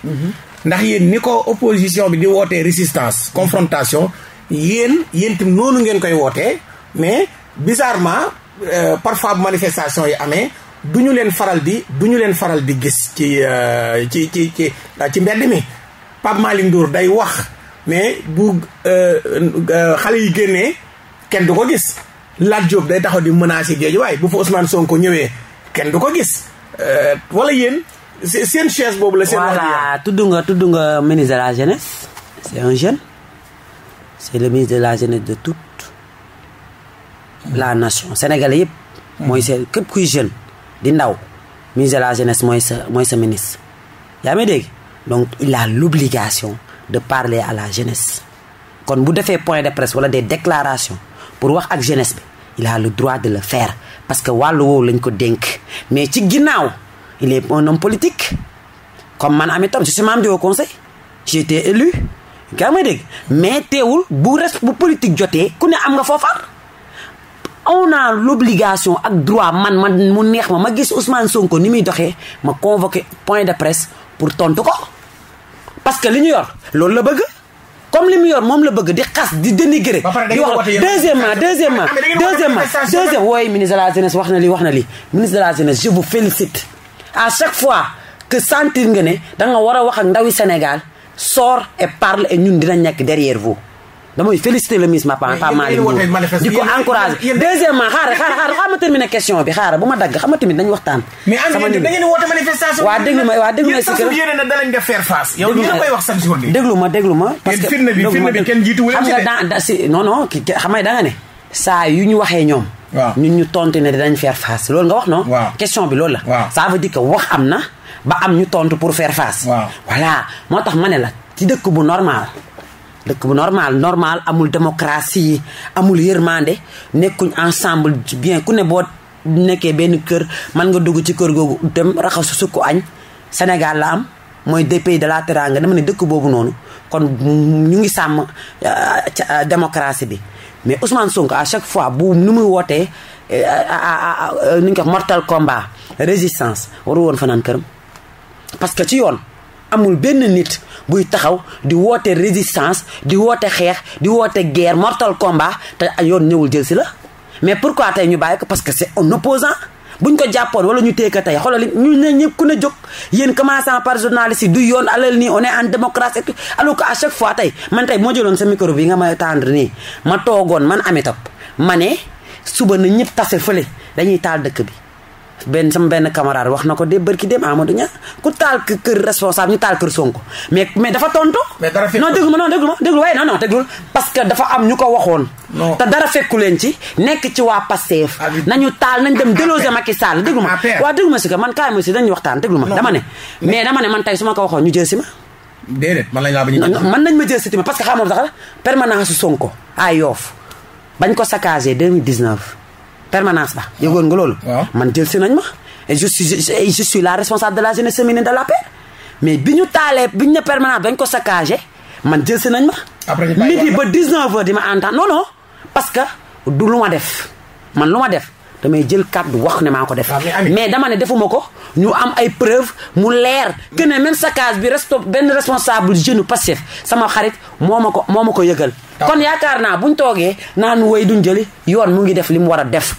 [SPEAKER 1] ndax yéen ni ko opposition bi di wootee résistance confrontation yéen yéen tam noonu ngeen koy wootee mais bizarrement euh, parfois bu manifestation yi amee du ñu leen faral di du ñu leen faral di gis ci euh, ci ci ci ci mbedd mi Pape Malick Ndour day wax mais bu euh, xale yi génnee kenn du ko gis Lat Diop day taxaw di menacer géej waaye bu fa Ousmane Sonko ñëwee kenn du ko gis wala yéen. seen chaise boobu la. seen voilà tudd
[SPEAKER 2] ministre de la jeunesse c' est un jeune c' est le ministre de la jeunesse de toute la nation sénégalais yëpp. mooy seen képp ku jeune di ndaw ministre de la jeunesse mooy sa mooy sa ministre. yaa ngi dégg donc il a l'obligation de parler à la jeunesse kon bu defee point de presse wala des déclaration pour wax ak jeunesse bi il a le droit de le faire parce que wàllu woowu lañ ko dénk mais ci ginnaaw. il est un comme man ami tam je suis membre du haut conseil j'ai été élu gaa may mais teewul bu res bu politique jotee ku ne am nga foofar on a l'obligation ak droit man man mu neex ma ma gis Ousmane Sonko ni muy doxee ma convoqué point de presse pour tontu ko parce que li ñu yor loolu la bëgg comme li mu yor moom la bëgg di xas di dénigrer di wax deuxièmement deuxièmement ah, deuxièmement deuxième wooy ministre de la li wax na li ministre à chaque fois que sentir nga ne da nga war a wax ak ndawi Sénégal soor et parle et ñun dina nekk derrière vous damay féliciter le ministre Mapan Pape Malick Ndour di ko encourager deuxièmement xaaral xaaral xaaral xaaral ma terminer question bi xaaral bu ma dagg xam nga tamit dañu waxtaan. sama mais da ngeen di woote manifestation. waaw déglu ma waaw déglu ma
[SPEAKER 1] da lañ def ñu la parce
[SPEAKER 2] que déglu ma déglu ma xam nga dans ne saa yu ñu waxee ñoom. waaw ñun ñu tontu ne dinañ faire face loolu nga wax non waaw question bi loolu la waaw ça veut wax am na ba am ñu tontu pour faire face waaw voilà moo tax ma ne la ci dëkk bu normal dëkk bu normal normal amul démocratie amul yërmande nekkuñ ensemble bien ku ne boo nekkee benn kër mën nga dugg ci kër googu dem raxasu sukku añ Sénégal la am mooy des pays de la Teranga dama ne dëkk boobu noonu kon ñu ngi sàmm euh, euh, démocratie bi mais Ousmane sonk à chaque fois bu nu muy wootee euh, euh, nu ñu ko mortal combat résistance waru woon fanaan këram parce que ci yoon amul benn nit buy taxaw di woote résistance di woote xeex di woote guerre mortal combat te yoon ñëwul jël si la mais pourquoi tey ñu bàyyi ko parce que c'est un opposant buñ ko jàppoon wala ñu téye ko tey ñu ne ñëpp ku ne jóg yéen commençant par journaliste yi du yoon alal nii on est en démocratie alors que à chaque fois tey man tey moo jëloon sa micro bi nga may tendre nii ma toogoon man Ami Top ma ne suba na ñëpp tase fële dañuy taal dëkk bi benn sama benn camarade wax na ko de bërki dem Amadou Niang ku taal kër responsable ñu taal kër Sonko mais dafa tontu. mais dara ma non déglu ma déglu waaye non non leen ci nekk ci waa Pastef. ma. si que man kaay ma si dañuy waxtaan déglu ma. dama ne mais dama ne man tey su ko waxoon ñu jël si ma. man nañ ma jël si ma parce xam nga tax la permanence Sonko à Yoff bañ ko saccagé 2019 permanence ba yëgoon nga loolu. man jël si nañ ma. et je suis je suis la responsable de la jeunesse semaine de la paix mais bi ñu taalee bi ñu ne permanence dañ ko saccagé man jël si nañ ma. après midi ba 19h di ma entendre non non parce que du lu ma def man lu ma def. damay jël kàddu wax ne maa ko def ah, mais dama ne defuma ko ñu am ay preuve mu leer que ne même sa bi resto benn responsable jeune Pastef sama xarit moo ma ko moo ma ko yëgal kon yaakaar naa buñ toogee naan woy duñ jëli yoon mu ngi def li mu war a def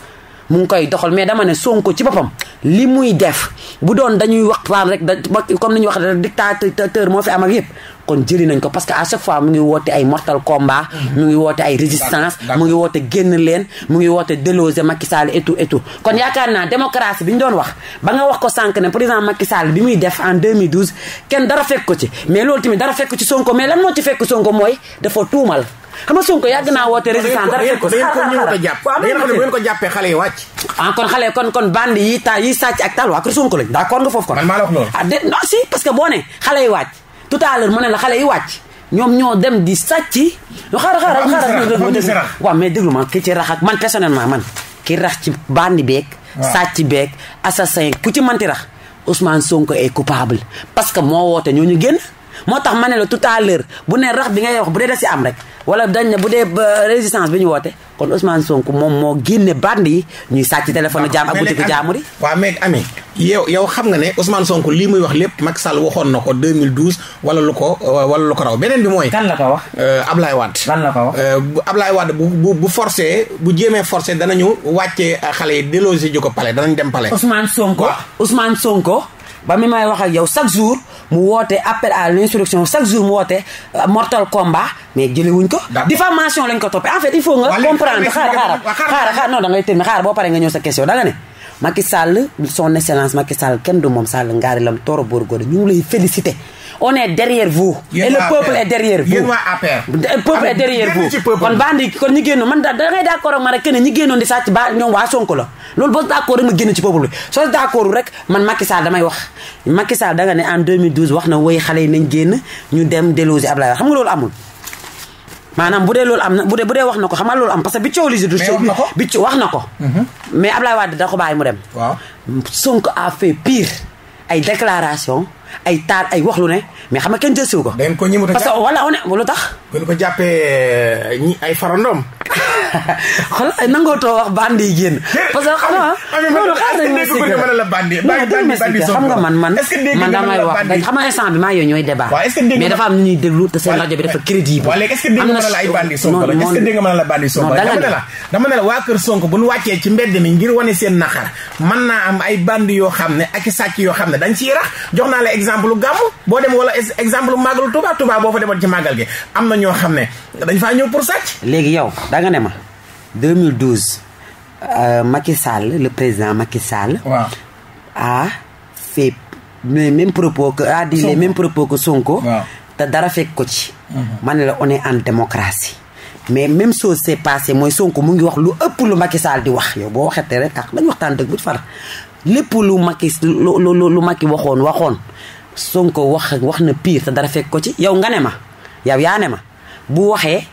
[SPEAKER 2] mu ngi koy doxal mais dama ne Sonko ci boppam li muy def bu doon dañuy waxtaan rek da comme ni ñu wax dictateur moo fi am ak yëpp kon jëli nañ ko parce que à chaque fois mu ngi woote ay mortal combat mu ngi woote ay résistance mu ngi woote génn leen mu ngi woote déloger Macky Sall et tout kon yaakaar naa démocratie bi ñu doon wax ba nga wax ko sànq ne président Macky Sall bi muy def en 2012 kenn dara fekk ko ci mais loolu tamit dara fekk ci Sonko mais lan moo ci fekk Sonko mooy dafa tuumal xam nga Sonko yàgg naa woote résistance dara ko ko jàppee xale yi wàcc ah kon xale kon kon band yi ta yi sàcc ak taal waa kër Sonko lañ d'accord nga foofu ah, ñoo dem di sàcc lu xaaral xaaral xaaral waaw mais déglu ma ki ci man personnellement man ki rax ci bandi beeg sàcc ku ci manti rax Ousmane Sonko est coupable parce que moo woote ñoo ñu génn moo tax ma ne la tout à l'heure bu ne rax bi ngay wax bu dee da si am rek wala dañ ne bu dee résistance bi ñu woote
[SPEAKER 1] kon Ousmane Sonko moom moo génne bande yi ñuy sàcc téléphone jaam ak boutique jaamur yi waaw mais yow yow xam nga ne Ousmane Sonko lii muy wax lépp Macky Sall waxoon na ko 2012 wala lu ko wala lu ko raw beneen bi mooy kan la ko wax euh, Ablaye Wade kan la ko wax euh, Ablaye Wade bu bu bu forcé bu jéemee forcé danañu wàccee xale yi délogé ji ko pale danañ dem pale
[SPEAKER 2] Ousmane Sonko Ousmane Sonko ba mi may wax ak yow chaque jour mu woote appel à l'insurrection chaque jour mu woote euh, mortal combat mais jëlewuñ ko diffamation lañ ko toppee en fait il faut nga comprendre xaar xaar xaar non da ngay terminer xaar boo pare nga ñëw sa question da ne Macky Sall son excellence Macky Sall kenn du moom Sall ngaari lam tooro boor góor ñu ngi lay féliciter on est derrière vous. et le peuple est derrière vous. le peuple est derrière vous. kon bandi kon ñi génnoon man da ngay d' accord ak man rek que ne ñi génnoon di sàcc waa Sonko la loolu boo d' rek ma génn ci peuple bi soo d' accord rek man Macky Sall damay wax Macky Sall danga ne en wax na woy xale yi nañ génn ñu dem déloger Ablaye xam nga loolu amul. maanaam bu dee lool am na bu dee bu wax na ko xam nga loolu am parce que bi coow li du coow bi coow wax na mhm. mais ay déclaration ay taal ay wax lu ne mais xam nga kenn jël siw
[SPEAKER 1] ko. da ngeen ko ñëwut a jàpp parce que voilà on est tax. bu ñu ko jàppee euh, ñi ay farandoom. xoolal nangootoo wax bandi yi génn. parce que xam nga loolu xaar nañu ma si xam nga man xam nga
[SPEAKER 2] instant bi maa yooyu ñooy débat mais dafa
[SPEAKER 1] am ñuy déglu te seen rajo bi dafa crédible. am na si non non non danga ne dama ne la waa kër Sonko bu nu wàccee mi ngir wane seen naqar mën naa am ay bandi yoo xam ne ak sàcc yoo xam ne dañ ciy rax jox naa la exemple gàmmu boo dem wala exemple màggalu Tuubaa Tuubaa boo fa demoon ci màggal gi am na ñoo xam ne dañ faa ñëw pour sacc
[SPEAKER 2] léegi yow danga ne ma 2012 euh, Macky Sall le président Macky Sall. waaw a fait les mêmes propos que Sonko. te dara fekk ko ci. Mhm. ma ne la on est en démocratie. mais même chose s'est passé mooy Sonko mu ngi wax lu ëpp lu Macky Sall di wax yow boo waxatee rek tax dañu waxtaan dëgg bu far lépp lu Macky lu lu waxoon waxoon Sonko wax wax na pire te dara fekk ko ci yow nga ne ma yow yaa ne ma bu waxee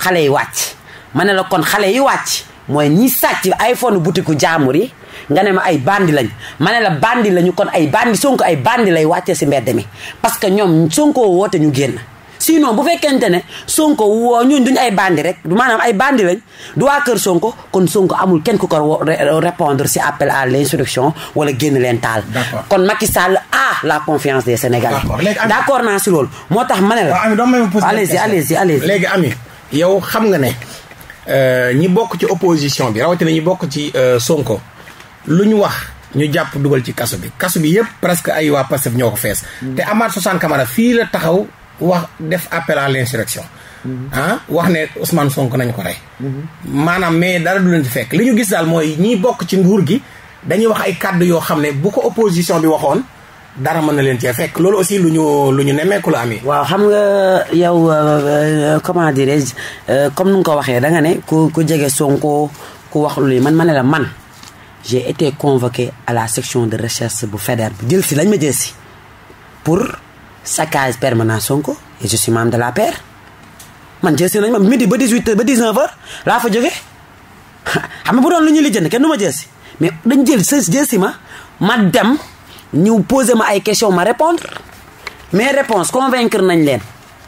[SPEAKER 2] xale yi wàcc. ma ne la kon xale yi wàcc mooy ñi sàcc iPhone butiku jaamur yi nga ne ma ay bandi lañ ma ne la bandi lañu kon ay bandi Sonko ay bandi lay wàccee si mbedd mi parce que ñoom Sonko woote ñu génn sinon bu fekkente ne Sonko woo ñu duñ ay bandi rek maanaam ay bandi lañ du waa kër Sonko kon Sonko amul kenn ku ko répondre si appel à l'insurrection wala génn leen taal. kon Macky Sall a la confiance des Sénégalais. d'accord naa si loolu moo
[SPEAKER 1] tax ma ne la. waaw Ami doon allez-y allez-y allez yow xam nga ne. Euh, ñi bokk ci opposition bi rawatina ñi bokk ci euh, Sonko lu ñu wax ñu jàpp dugal ci kaso bi kaso bi yëpp presque ay waa Pastef ñoo ko fees. Mm-hmm. te Amath Suzanne Camara fii la taxaw wax def appel à l'insurrection. Mm-hmm. ah wax ne Ousmane Sonko nañ ko rey. Mm-hmm. maanaam mais dara du leen ci fekk li ñu gis daal mooy ñiy bokk ci nguur gi dañuy wax ay kàddu yoo xam ne bu ko opposition bi waxoon. dara mën na leen cee fekk loolu aussi lu ñu lu ñu nemmeeku la am yi
[SPEAKER 2] waaw xam nga yow euh, euh, comment dirais-je euh, comme nu nga ko waxee danga ne ku ku jege Sonko ku wax lu man ma ne la man j'ai été convoqué à la section de recherche bu FEDER bu jël si lañ ma jël si pour saccage permanent Sonko et je suis membre de la paire man jël si nañ ma midi ba 18 ba 19 heures laa fa jege xam nga bu doon lu ñuy lijjanti kenn du ma jël si mais dañ jël jël si ma ma dem ñëw poser ma ay question ma répondre mes réponses convaincre nañ leen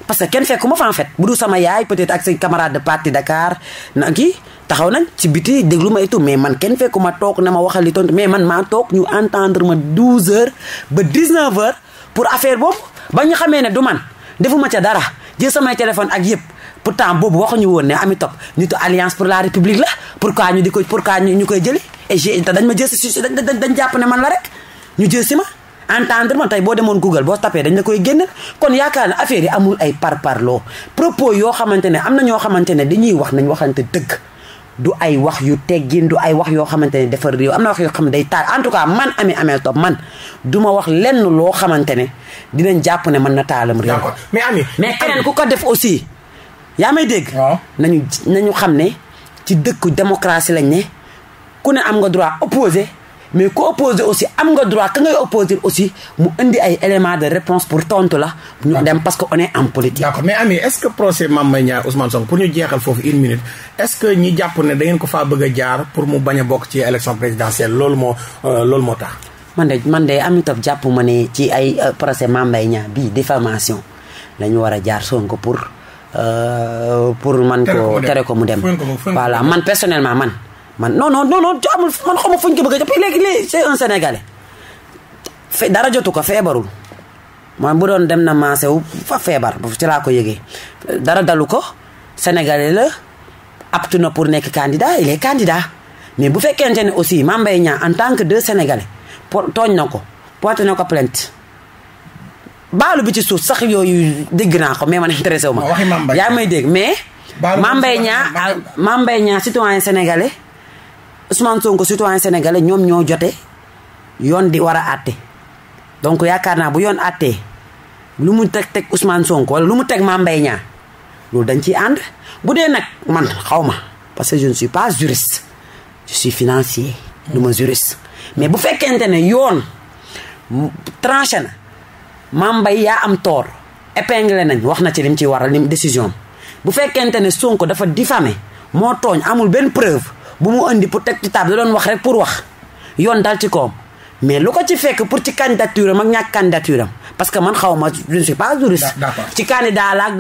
[SPEAKER 2] parce que kenn fekkuma fa en fait bu du sama yaay peut-être ak say camarades de parti Dakar na kii taxaw nañ ci biti déglu ma et tout mais man kenn fekkuma toog na ma waxal li tontu mais man maa toog ñu entendre ma 12 heures ba 19 heures pour affaire boobu ba ñu xamee ne du man defuma ca dara jël samay téléphone ak yëpp pourtant boobu waxuñu woon ne Ami Top nitu alliance pour la république la pourquoi ñu di ko pourquoi ñu koy jëli et j' dañ ma jël jàpp ne man la rek. ñu jël si ma entendre ma tey boo demoon Google boo tapé dañ la koy génn kon yaakaar ne affaire yi amul ay parparloo propos yoo xamante ne am na ñoo xamante ne dañuy wax nañ waxante dëgg du ay wax yu teggin du ay wax yoo xamante ne dafa am na wax yoo xam ne day taal en tout cas man Ami Amel Top man du ma wax lenn loo xamante ne dinañ jàpp ne mën na taalam réew mais Ami mais keneen ku ko def aussi yaa may dégg nañu nañu xam ne ci dëkku démocratie lañ ne ku ne am nga droit opposé mais ko opposé aussi am nga droit ka ngay opposé aussi mu indi ay éléments de réponse pour tontu la ñu dem parce que
[SPEAKER 1] on est en politique. d'accord mais Ami est-ce que procès Mame Mbaye Niang ñu jeexal foofu da ngeen jaar pour mu a bokk ci élection moo euh, loolu moo tax.
[SPEAKER 2] man de man de am itam jàpp ma ne ci ay euh, procès Mame ñaa bi bii diffamation la ñu war a jaar ko pour euh, pour man ko tere ko mu dem voilà man personnellement man. man non non non non amul man xaw ma fuñ ko bëgg a jàpp léegi léegi c'est un sénégalais fe dara jotu ko feebarul man bu doon dem na maase wu fa feebar ci laa ko yëgee dara dalu ko sénégalais la aptu na pour nekk candidat il est candidat mais bu fekkente ne aussi Mame Mbaye Niang en tant que deux sénégalais pour tooñ na ko porté na ko plainte baalu bi ci suuf sax yooyu dégg naa ko mais man intéressé wu ma. yaa may dégg mais. Mame Mbaye Niang Mame Mbaye Niang citoyen sénégalais. Ousmane Sonko citoyen sénégalais ñoom ñoo jote yoon di war a àtte donc yaakaar naa bu yoon àttee lu mu teg teg Ousmane Sonko wala lu mu teg Mame Mbaye Niang loolu dañ ci ànd bu dee nag man xaw ma parce que je ne suis pas juriste je suis financier nu ma juriste mais bu fekkente ne yoon tranché na Mame Mbaye yaa am tort épinglé nañ wax na ci lim ci waral ni décision bu fekkente ne Sonko dafa diffamé moo tooñ amul benn preuve bu mu andi pour teg ci table da doon wax rek pour wax yoon dal ci koom mais lu ko ci fekk pour ci candidature am ak ñàkk candidature parce que man xaw ma je ne suis pas juriste ci candidat laak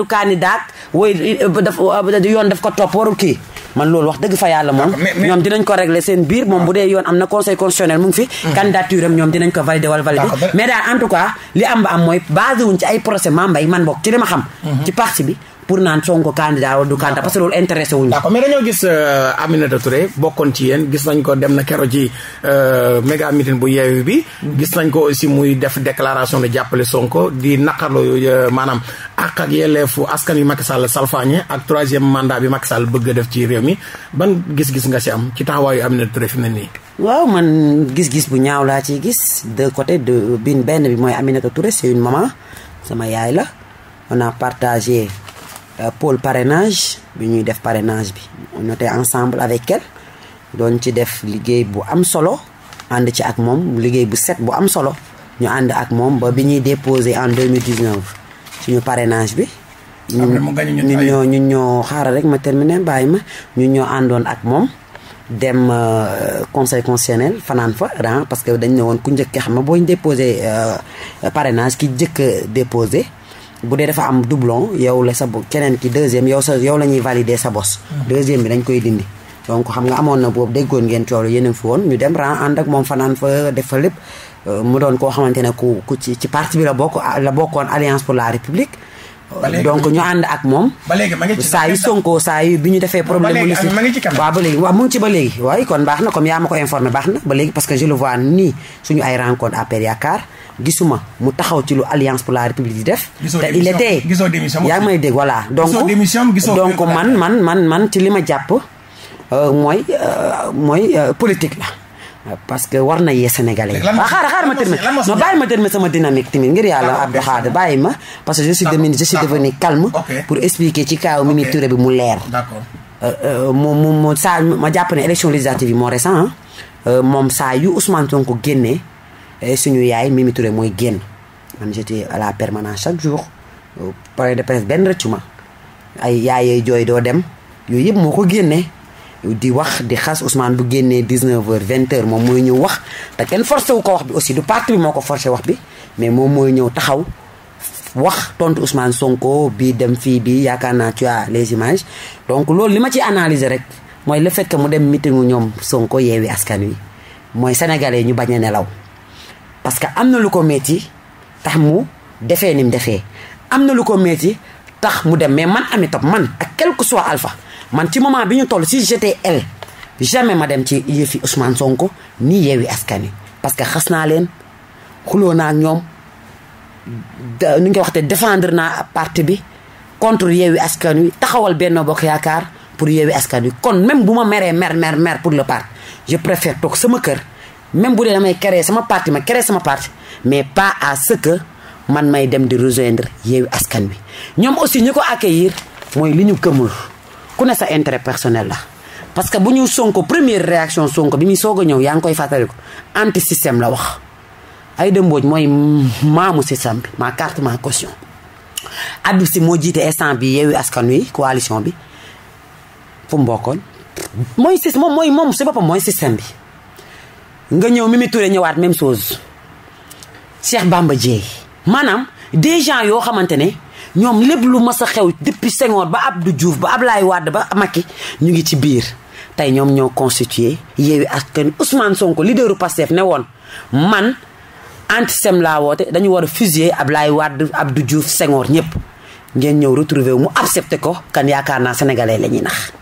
[SPEAKER 2] euh, yoon daf ko topp warul kii man loolu wax dëgg fa yàlla moom ñoom dinañ ko régler seen biir moom bu dee yoon am na conseil constitutionnel mu ngi fi candidature am ñoom dinañ ko valider wala valider mais daal en tout cas li am ba am mooy basé wuñ ci ay procès mambay man bokk ci
[SPEAKER 1] li xam ci parti bi pour naan Sonko candidat wala du candidat parce que loolu intéressé wuñu d'accord mais dañoo gis euh, Aminata Touré bokkoon ci yéen gis nañ ko dem na kero ji euh, méga meeting bu yeewu bi mm-hmm. gis nañ ko aussi muy def déclaration de jàppale Sonko di naqarloo euh, maanaam àq ak yelleefu askan yu Macky Sall salfaañe ak troisième mandat bi Macky Sall bëgg def ci réew mi ban gis-gis nga si am ci taxawaayu Aminata Touré fi mu ne nii
[SPEAKER 2] waaw man gis-gis bu ñaaw laa ci gis de côté de bin benn bi mooy Aminata Touré c'est une maman sama yaay la Euh, pôle parenage bi ñuy def parrainage bi on était ensemble avec elle doon ci def liggéey bu am solo ànd ci ak moom liggéey bu set bu am solo ñu ànd ak moom ba bi ñuy déposé en 2019 suñu parenage bi ñu ñoo ñu ñoo xaaral rek ma terminé bàyyi ma ñu ñoo àndoon ak moom dem euh, conseil constitutionnel fanaan fa ran parce que dañ ne woon ku njëkk xam nga boo ñu déposé euh, parrainage ki njëkk déposé bu dee dafa am doublon yow la sa keneen ki deuxième yow sa yow la ñuy valider sa bos. Hmm. deuxième bi dañ koy dindi. donc xam nga amoon na boobu déggoon ngeen coow yéen a ñu dem moom fanaan fa euh, doon koo xamante ne ku ku ci ci parti bi la bokk la bokkoon alliance pour la république. donc ñu ànd ak moom. ba léegi ma saa yu Sonko saa yu bi ñu defee problème. mu ci ba léegi waaw mu ngi ci ba léegi. waaye kon baax na comme yaa ma ko informé baax na ba léegi parce que je le vois nii suñu ay rencontre à Père gisuma mu taxaw ci lu alliance pour la république di def. te il était gisoo démission yaa ngi may dégg voilà. donc man man man man ci li ma jàpp euh, mooy euh, mooy euh, la. parce que war na yee sénégalais yi. waaw xaaral xaaral ma terminer non bàyyi ma terminer sama dynamique tamit ngir yàlla Abdou Khadre bàyyi ma. parce que je suis devenu je suis calme. pour expliquer ci kaaw mi Touré bi mu leer. mu mu mu saa ma jàpp ne yi moo moom saa yu Ousmane Sonko génnee. suñu yaay Mimi mooy génn man j'étais à la permanence chaque jour point de presse benn rëccu ma ay yaayee jooy doo dem yooyu yëpp moo ko génnee di wax di xas Ousmane bu génnee 19h 20 moom mooy ñëw wax te kenn forcé wu ko wax bi aussi du parti bi moo ko force wax bi mais moom mooy ñëw taxaw wax tontu Ousmane Sonko bii dem fii bii yaakaar naa tu as les images donc loolu li ma ci analyser rek mooy le fait mu dem meetingu ñoom Sonko yeewi askan wi mooy sénégalais ñu bañ a nelaw. parce que am na lu ko metti tax mu defee ni mu defee am na lu ko metti tax mu dem mais man Ami Top man ak quelque que soit Alpha man ci moment bi ñu toll si GTL jamais ma dem ci yëfi Ousmane Sonko ni yeewi askan wi parce que xas naa leen xuloo naa ñoom nu ñu waxtee défendre naa parti bi contre yeewi askan wi taxawal benn Bokk Yaakaar pour yeewi askan wi kon même bu ma meree mer mer pour le parti je préfère toog sama kër même bu dee damay créer sama parti ma créer sama parti mais pas à ce que man may dem di rejoindre Yewwi Askan Wi ñoom aussi ñu ko accueillir mooy li ñu këmul ku ne sa intérêt personnel la parce que bu ñu Sonko première réaction sonk bi muy soog a ñëw yaa ngi koy fàttaliku anti système la wax ay Aïda Mbodj mooy maamu système bi ma carte ma caution Abib Si moo jiite estant bi Yewwi Askan Wi coalition bi fu mu mooy sis moom mooy moom si boppam mooy système bi nga ñëw mi Mimi Touré ñëwaat même chose Cheikh Bamba Dièye maanaam des gens yoo xamante ne ñoom lépp lu mas a xew depuis Senghor ba Abdou Diouf ba Ablaye Wade ba Macky ñu ngi ci biir tey ñoom ñoo constitué Yewwi Askan Ousmane Sonko leaderu Pastef ne woon man antisem laa woote dañu war a fusiller Ablaye Wade Abdou Diouf Senghor ñëpp ngeen ñëw retrouver wu mu accepté ko kan yaakaar naa sénégalais la ñuy nax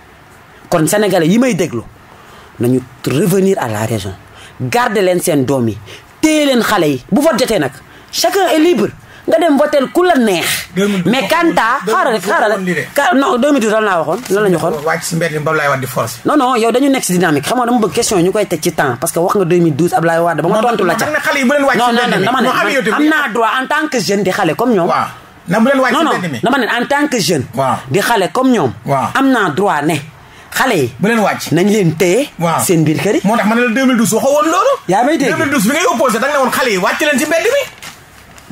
[SPEAKER 2] kon sénégalais yi may déglu nañu revenir à la raison garder leen seen doom yi téye leen xale yi bu vote jotee nag chacun est libre nga dem votel ku la neex. mais Kanta xaaral rek
[SPEAKER 1] la ñu waxoon. wàcc si mbedd mi ba Ablaye Wade di force.
[SPEAKER 2] non non yow dañu nekk si dynamique xam nga dama bëgg question yi ñu koy ci temps parce que wax nga 2012 Ablaye ba nga tontu la ca. non non dama ne am naa droit en tant que jeune di xale comme ñoom. waaw na bu leen wàcc ne en tant que jeune. waaw xale comme ñoom. am naa droit ne. xale yi. bu leen wàcc nañ leen téye. waaw seen biir kër yi. moo tax ma ne la 2012 waxoo woon loolu. yaa may dégg 2012 bi ngay opposé danga ne woon xale yi wàcc leen ci mbedd mi.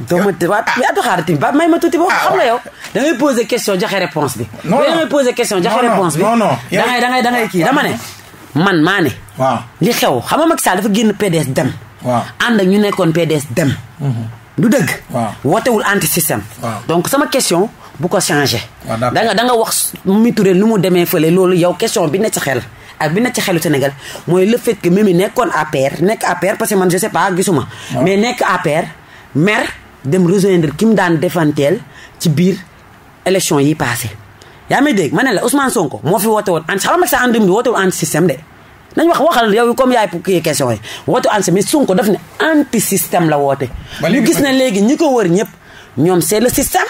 [SPEAKER 2] doo ma waa ah. mais atu xaar tamit ba may ma tuuti boo ah, xam nga yow da ngay posé question joxe réponse bi. non da ngay posé question joxe réponse bi. non non da ngay da ngay da ngay kii dama ne. man maa ne. waaw li xew xam nga Macky Sall dafa génn PDS dem. waaw ànd ak ñu nekkoon PDS dem. Mhm. du dëgg. waaw wootewul anti système. donc sama question. bu ko changé. Ah, da nga da nga wax Mimi Touré nu mu demee fële loolu yow question bi ne ci xel. ak bi ne ci xelu Sénégal mooy le fait que Mimi nekkoon APR nekk APR parce que man je sais pas gisuma. Ah. mais nekk APR mer dem rejoindre ki mu daan defanteel ci biir élection yi passé yaa may dégg ma ne la Ousmane Sonko moo fi woote woon anti xam nga sa andim bi woote woon anti système de. nañ wax waxal yow comme yaay pour kii question yi woote anti Sonko daf ne anti système la woote. ñu gis na léegi ñi ko wër ñëpp ñoom c'est le système.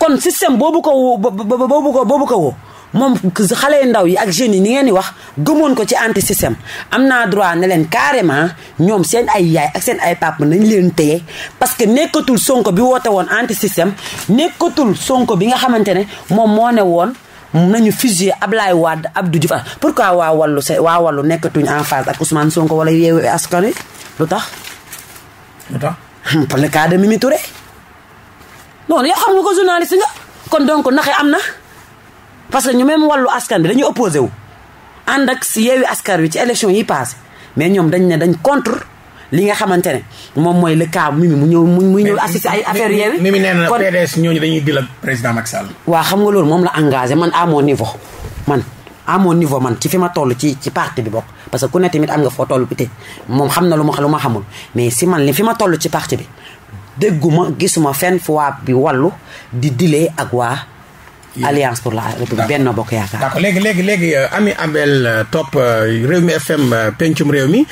[SPEAKER 2] kon système boobu ko boobu ko boobu ko woo moom xale yu ndaw yi ak jeunes yi ni ngeen di wax gëmoon ko ci anti système am naa droit ne leen carrément ñoom seen ay yaay ak seen ay papa nañ leen téye parce que nekkatul sonko bi woote woon anti système nekkatul sonko bi nga xamante ne moom moo ne woon nañu fusillé Ablaye Wade Abdou Diouf ah, pourquoi waa wàllu se waa wàllu nekkatuñ en phase ak Ousmane Sonko wala yeewu askan wi lu tax. lu tax pour le cas de Mimi Touré non yow xam nga ko journaliste nga kon donc naxe am na parce que ñu même wàllu askan bi dañuy opposé wu ànd ak si yeewi askan bi ci élection yi passé mais ñoom dañ ne dañ contre li nga xamante ne moom mooy le cas Mimi mu ñëw mu ñëw assisté ay affaire yeewi Mimi nee na
[SPEAKER 1] PDS ñooñu dañuy dil ak président Macky Sall
[SPEAKER 2] waaw xam nga loolu moom la engagé man amoo mon niveau man à niveau man ci fi ma toll ci ci parti bi bokk parce que ku ne tamit am nga foo toll bi moom xam na lu ma lu ma xamul mais si man li fi ma toll ci parti bi dégguma gisuma fen fu waa bi wallu di dilee ak waa alliance pour la république Benno Bokk Yaakaar.
[SPEAKER 1] léegi léegi léegi euh, Ami Abel euh, Top euh, Rewmi FM pencum réew mi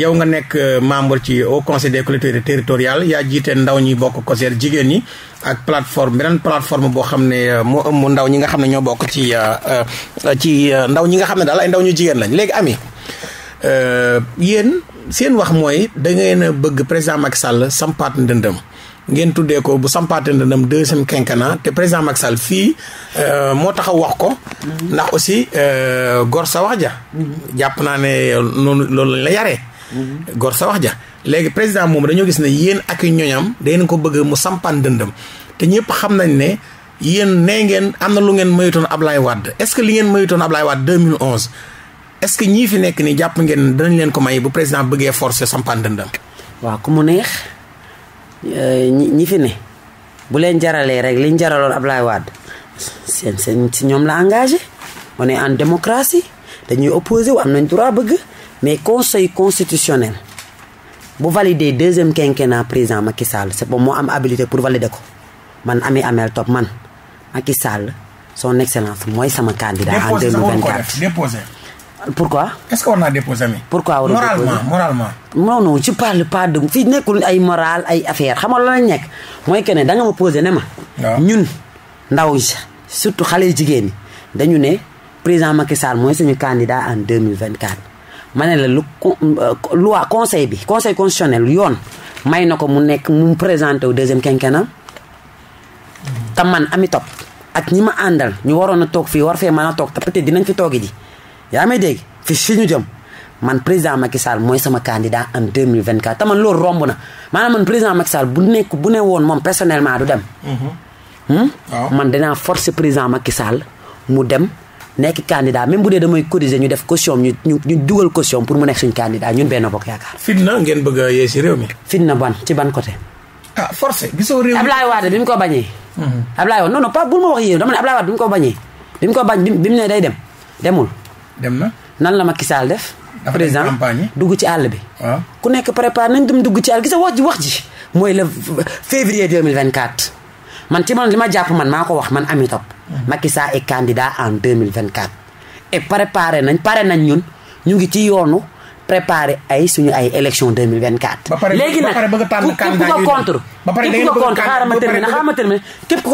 [SPEAKER 1] yow nga nekk membre ci au conseil des collectivités territoriales yaa jiitee ndaw ñi bokk COJER jigéen ñi ak plateforme beneen plateforme boo xam ne moo ëmb ndaw ñi nga xam ne ñoo bokk ci ci ndaw ñi nga xam ne daal ay ndaw ñu jigéen lañ léegi Ami yéen. seen wax mooy da ngeen bëgg président Macky Sall sampaat ndëndëm ngeen tuddee ko bu sampaate ndëndëm deuxième quinquennat te président Macky Sall fii euh, moo taxaw wax ko. Mm-hmm. ndax aussi euh, gor sa wax ja. Mm-hmm. jàpp naa ne noonu loolu lañ la yaree. Mm-hmm. gor sa wax ja léegi président moom dañoo gis ne yéen ak ñoñam dangeen ko bëgg mu sampaat ndëndëm te ñëpp xam nañ ne. yéen nee ngeen am na lu ngeen mayutoon Ablaye Wade est-ce que li ngeen mayutoon Ablaye Wade 2011 est-ce que ñii fi nekk nii jàpp ngeen danañ leen ko may bu président bëggee forcer sampaan dëndam. waaw ku mu neex
[SPEAKER 2] euh, ñi fi ne
[SPEAKER 1] bu leen jaralee rek
[SPEAKER 2] liñ jaraloon Ablaye Wade seen seen si ñoom la engagé on est en démocratie dañuy opposé wu am nañ droit bëgg mais conseil constitutionnel bu valider deuxième quinquennat président Macky Sall c'est bon moo am habilité pour valider ko man Ami Amel Top man Macky Sall son excellence mooy sama candidat en 2024
[SPEAKER 1] déposé pourquoi. est-ce que war naa déposer mais. pourquoi war a déposer moralement moralement.
[SPEAKER 2] non non je parle pas de fii nekkul ay moral ay affaire xam nga la nekk mooy que ne da nga ma posé ne ma. ñun ndaw yi surtout xale yi jigéen ñi dañu ne président Macky Sall mooy suñu candidat en deux mille vingt quatre. ma ne la lu euh, loi conseil bi conseil constitutionnel yoon may na ko mu nekk mu présenté wu deuxième quinquennat te man ami topp ak ñi ma àndal ñu waroon a toog fii war fee mën a toog te peut dinañ fi toogi di yaa may dégg fi si ñu jëm man président Macky Sall mooy sama candidat en 2024 te man loolu romb na maanaam man président Macky Sall bu nekk bu ne woon moom personnellement du dem. Mhm. Hmm? man dinaa forcer président Macky Sall mu dem nekk candidat même bu dee damay cotiser ñu def caution ñu ñu ñu dugal caution pour mu nekk suñu candidat ñun Benno Bokk Yaakaar.
[SPEAKER 1] fitna ngeen bëgg a yee
[SPEAKER 2] si réew mi. fitna ban ci ban côté. ah forcé gisoo réew mi Ablaye Wade bi mu ko bañee. Mhm. Ablaye Wade non non pas bi mu ko bañee. bi mu ko bañ bi mu ne day dem demul. dem na nan la Macky Sall def. président dugg ci àll bi. ku nekk préparé nañ dem dugg ci àll gis nga wax ji wax ji mooy le février man ci man li ma jàpp man maa ko wax man Ami Top. Mm-hmm. Macky Sall est candidat en 2024. et préparé nañ pare nañ ñun ñu ngi ci yoonu préparé ay suñu ay élection 2024. ba pare léegi nag képp ku ko contre. ba pare képp ku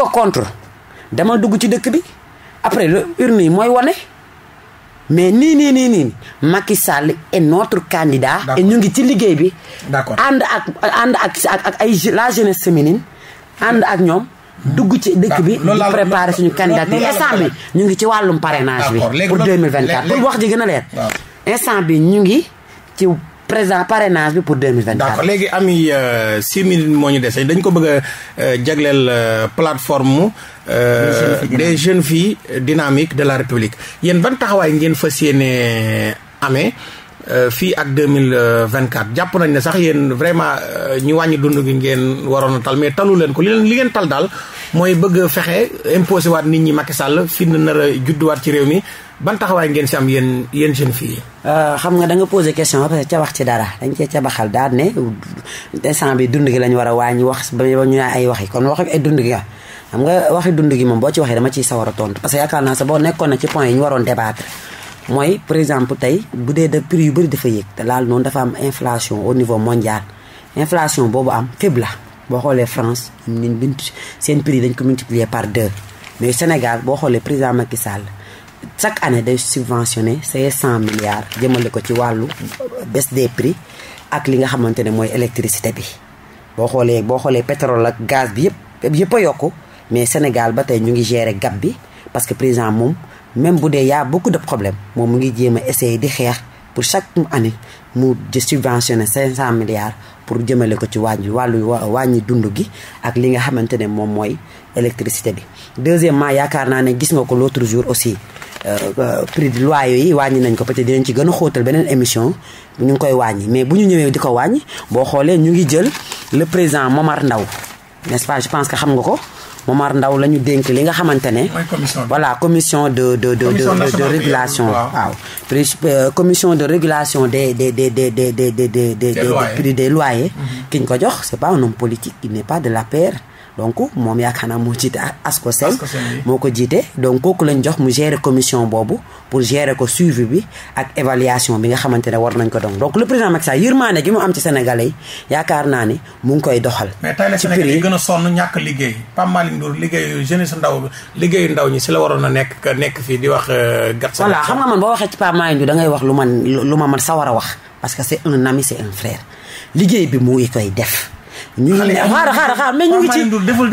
[SPEAKER 2] ko contre xaaral dugg ci dëkk bi après le urne mooy wane. mais nii nii nii nii Macky Sall est notre candidat. et ñu ngi ci liggéey bi. d'accord ànd ak ànd ak ak ay la jeunesse féminine ànd ak ñoom. dugg ci dëkk bi di préparer suñu candidature instant bi ñu ngi ci wàllum parrainage bi. pour 2024 pour wax ji gën a leer. instant bi ñu ngi ci. présent parrainage bi pour 2024. d'accord
[SPEAKER 1] léegi ami euh, six minutes moo ñu dese dañ ko bëgg a euh, jagleel euh, plateforme. des jeunes fii dynamiques de la République yéen ban taxawaay ngeen fas yéene amee. fii ak 2024 jàpp nañ ne sax yéen vraiment ñu wàññi dundu gi ngeen waroon a tal mais talu leen ko li leen li ngeen tal daal mooy bëgg fexe imposé waat nit ñi Macky Sall fi na nar judduwaat ci réew mi ban taxawaay ngeen si am yéen yéen jeunes filles yi.
[SPEAKER 2] Euh, xam nga da nga posé question ba ca wax ci dara dañ cee ca baxal daal ne instant bi dund gi lañ war a wàññi wax ba ñu naan ay wax yi kon wax ay dund gi ah. xam nga waxi dund gi moom boo ci waxee dama ciy sawar a tontu parce que yaakaar naa sa boo nekkoon na ci point yi a waroon mooy par exemple tey bu dee da prix yu bëri dafa yëg te laal noon dafa am inflation au niveau mondial inflation boobu am faible la boo xoolee France ñun seen prix dañ ko multiplier par deux mais Sénégal boo xoolee président Macky Sall. chaque année day subventionné say cent milliards jëmale ko ci wàllu baisse des prix ak li nga xamante ne mooy électricité bi boo xoolee boo xoolee pétrole ak bi yëpp yëpp yokku mais Sénégal ba tey ñu ngi gérer gab bi parce que président moom même bu dee y'a beaucoup de problèmes moom mu ngi jéem a essayer di xeex pour chaque année mu subventionné cinq cent milliards pour jëmale ko ci wàññi wàllu wàññi dund gi ak li nga xamante ne moom mooy électricité bi deuxièmement yaakaar naa ne gis nga ko l'autre jour aussi euh, euh, prix de loyer yi wàññi nañ ko peut-être dinañ ci gën a xóotal beneen émission ñu ngi koy wàññi mais bu ñu ñëwee di ko wàññi boo xoolee ñu ngi jël le président Momar Ndaw nest pense que xam nga ko Momar Ndaw la ñu dénk li nga xamante ne voilà commission de de de de de régulation euh, de régulation des des des des des des des des des loyers mm-hmm. ki ñu ko jox c'est pas un homme politique il n'est pas de la paire donc moom yaakaar naa moo jiite ASCOSEN moo ko jiite donc kooku lañ jox mu gérer commission boobu pour gérer ko suivi bi ak évaluation bi nga xamante ne war nañ ko donc donc le président Macky Sall yërmaane gi mu am ci sénégalais yi yaakaar naa ni mu ngi koy doxal mais tey la
[SPEAKER 1] ñàkk liggéey Pape Malick liggéey jeunesse ndaw liggéeyu ndaw ñi si la waroon a nekk nekk fii di wax euh, gat voilà xam nga man boo waxee
[SPEAKER 2] ci Pape Malick Ndour da wax lu man lu ma man sawar a wax parce que c'est un ami c'est un frère liggéey bi mu koy def ñu ngi xaar xaar xaar mais ñu ngi ci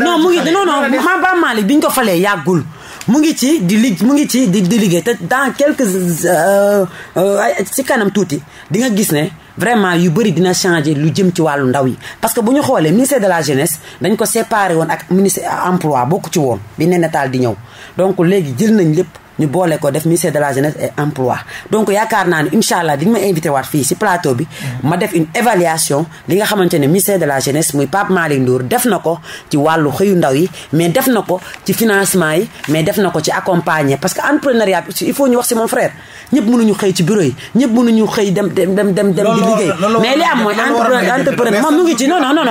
[SPEAKER 2] non mu ngi non non ma Ba Malick bi ñu ko falee yàggul mu ngi ci di li mu ngi ci di di liggéey te dans quelques euh, euh, ci kanam tuuti di nga gis ne vraiment yu bëri dina changer lu jëm ci wàllu ndaw yi parce que bu ñu xoolee ministère de la jeunesse dañ ko séparé woon ak ministère emploi bokku ci woon bi ne taal di ñëw donc léegi jël nañ lépp ñu boole ko def ministère de la jeunesse et emploi donc yaakaar naa ne incha allah di ma invité waat fii si plateau bi. ma def une évaluation li nga xamante ne ministère de la jeunesse muy Pape Malick def na ko ci wàllu xëyu ndaw yi mais def na ko ci financement yi mais def na ko ci accompagner parce que entrepreneuriat bi il faut ñu wax si mon frère ñëpp mënuñu xëy ci bureau yi ñëpp mënuñu xëy dem dem dem dem di liggéey. mais li mu ngi ci non non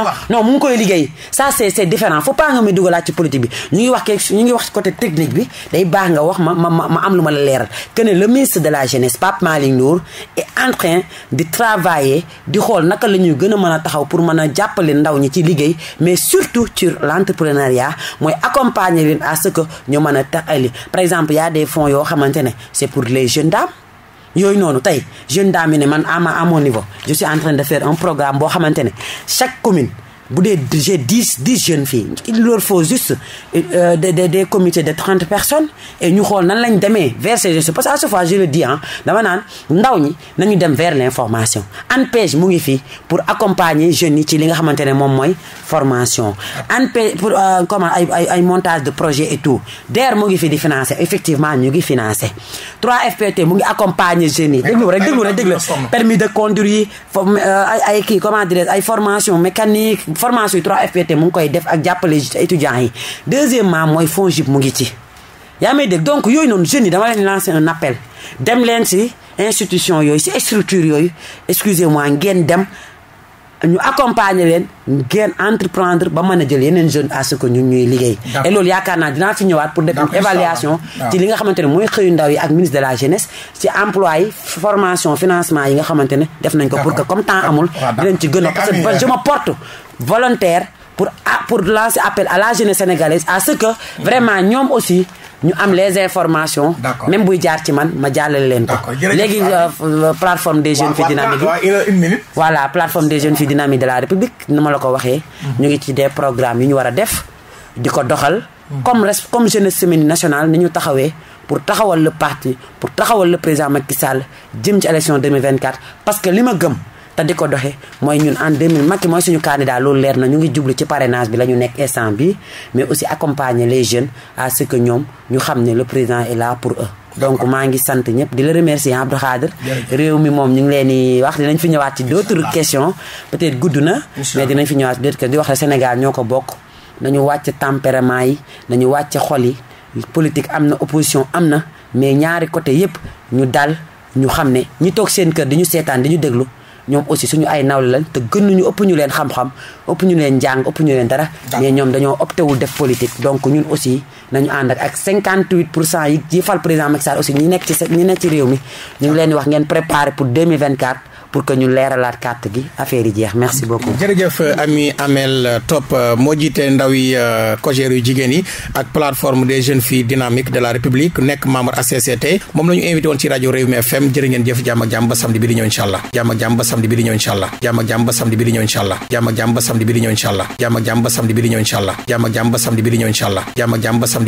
[SPEAKER 2] non mu ma am lu ma la leeral que ne le ministre de la jeunesse Pape Malick Ndour est en train di travailler di xool naka la ñuy gën a mën a taxaw pour mën a jàppale ndaw ñi ci liggéey mais surtout sur l' entrepreneuriat mooy accompagner leen a ce que ñu mën a taxali par exemple y a des fonds yoo xamante ne c' pour les jeunes dames. yooyu noonu tey jeune dame yi ne man ama à mon niveau je suis en train de faire un programme boo xamante ne chaque commune. bu dee j'ai dix jeune fii filles il leur faut juste euh, des de trente personnes et ñu xool nan lañu demee vers ces jeunes parce que à chaque fois je le dis ah dama naan ndaw ñi nañu dem vers l' information ANPEJ mu ngi fii pour accompagner jeunes yi ci li nga xamante ne moom mooy formation ANPEJ pour comment ay ay ay montage de projet et tout DER mu ngi fi di financer effectivement ñu ngi financer 3FPT mu ngi accompagner jeunes yi déglu rek déglu rek déglu permis de conduire yi ay kii comment ay formation mécanique formation yi 3FPT mu ngi koy def ak jàppale étudiants yi deuxièmement mooy FONGIP mu ngi ci yaa may donc yooyu noonu jeunes yi dama leen lancer un appel dem leen si institution yooyu si structure yooyu excusez moi ngeen dem ñu accompagner leen ngeen entreprendre ba mën a jël yeneen jeunes à ce que ñun ñuy liggéey et loolu yaakaar naa dinaa fi ñëwaat pour def une évaluation ci li nga xamante ne mooy xëyu ndaw yi ak ministre de la jeunesse ci emploi yi formation financement yi nga xamante ne def nañ ko pour que comme temps amul dinañ ci gën a parce que je me porte volontaire pour ah, pour lancer appel à la jeunesse sénégalaise à ce que mm-hmm. vraiment ñoom aussi ñu am les informations. même buy jaar ci man ma jàllale leen ko. léegi euh, euh, plateforme des jeunes filles dynamiques yi voilà plateforme des jeunes filles de la république ni ma la ko waxee. Mhm. ñu ngi ci des programmes yu ñu war a def di ko doxal. Mhm. comme res comme jeunesse semaine nationale ni ñu taxawee pour taxawal le parti pour taxawal le président Macky Sall jëm ci élection 2024 parce que li ma gëm. te di ko doxe mooy ñun en 2000 makki mooy suñu candidat loolu leer na ñu ngi jublu ci parrainage bi la ñu nekk instant bi mais aussi accompagner les jeunes à ce que ñoom ñu xam ne le président est là pour eux donc maa ngi sant ñëpp di la remercier Abdou Khadir réew mi moom ñu ngi leen di wax dinañ fi ñëwaat ci d'autres questions peut-être gudd na mais dinañ fi ñëwaat d'autres di wax la Sénégal ñoo ko bokk nañu wàcc tempérament yi nañu wàcc xol yi politique am na opposition am na mais ñaari côté yépp ñu dal ñu xam ne ñi toog seen kër di ñu seetaan di ñu déglu ñoom aussi suñu ay nawle lañ te gënuñu ëpp ñu leen xam-xam ëpp ñu leen njàng ëpp ñu leen dara mais ñoom dañoo opté wul def politique donc ñun aussi nañu ànd ak ak 58 pour cent yi yi fal président Macky Sall aussi ñi nekk ci réew mi ñu ngi leen di wax ngeen préparer pour 2024 pour que ñu leeralaat carte gi affaire yi jeex merci beaucoup.
[SPEAKER 1] jërëjëf Amy Amel Top euh, moo jiite ndaw yi euh, COJER yu jigéen yi ak plateforme des jeunes filles dynamiques de la république nekk membre ACCT moom la ñu invité ci rajo Rewmi FM jërë ngeen jëf jàmm ak jàmm ba samedi bi di bi di ñëw incha allah. jàmm ak jàmm di bi di ñëw incha allah. jàmm ak jàmm di bi di ñëw incha allah.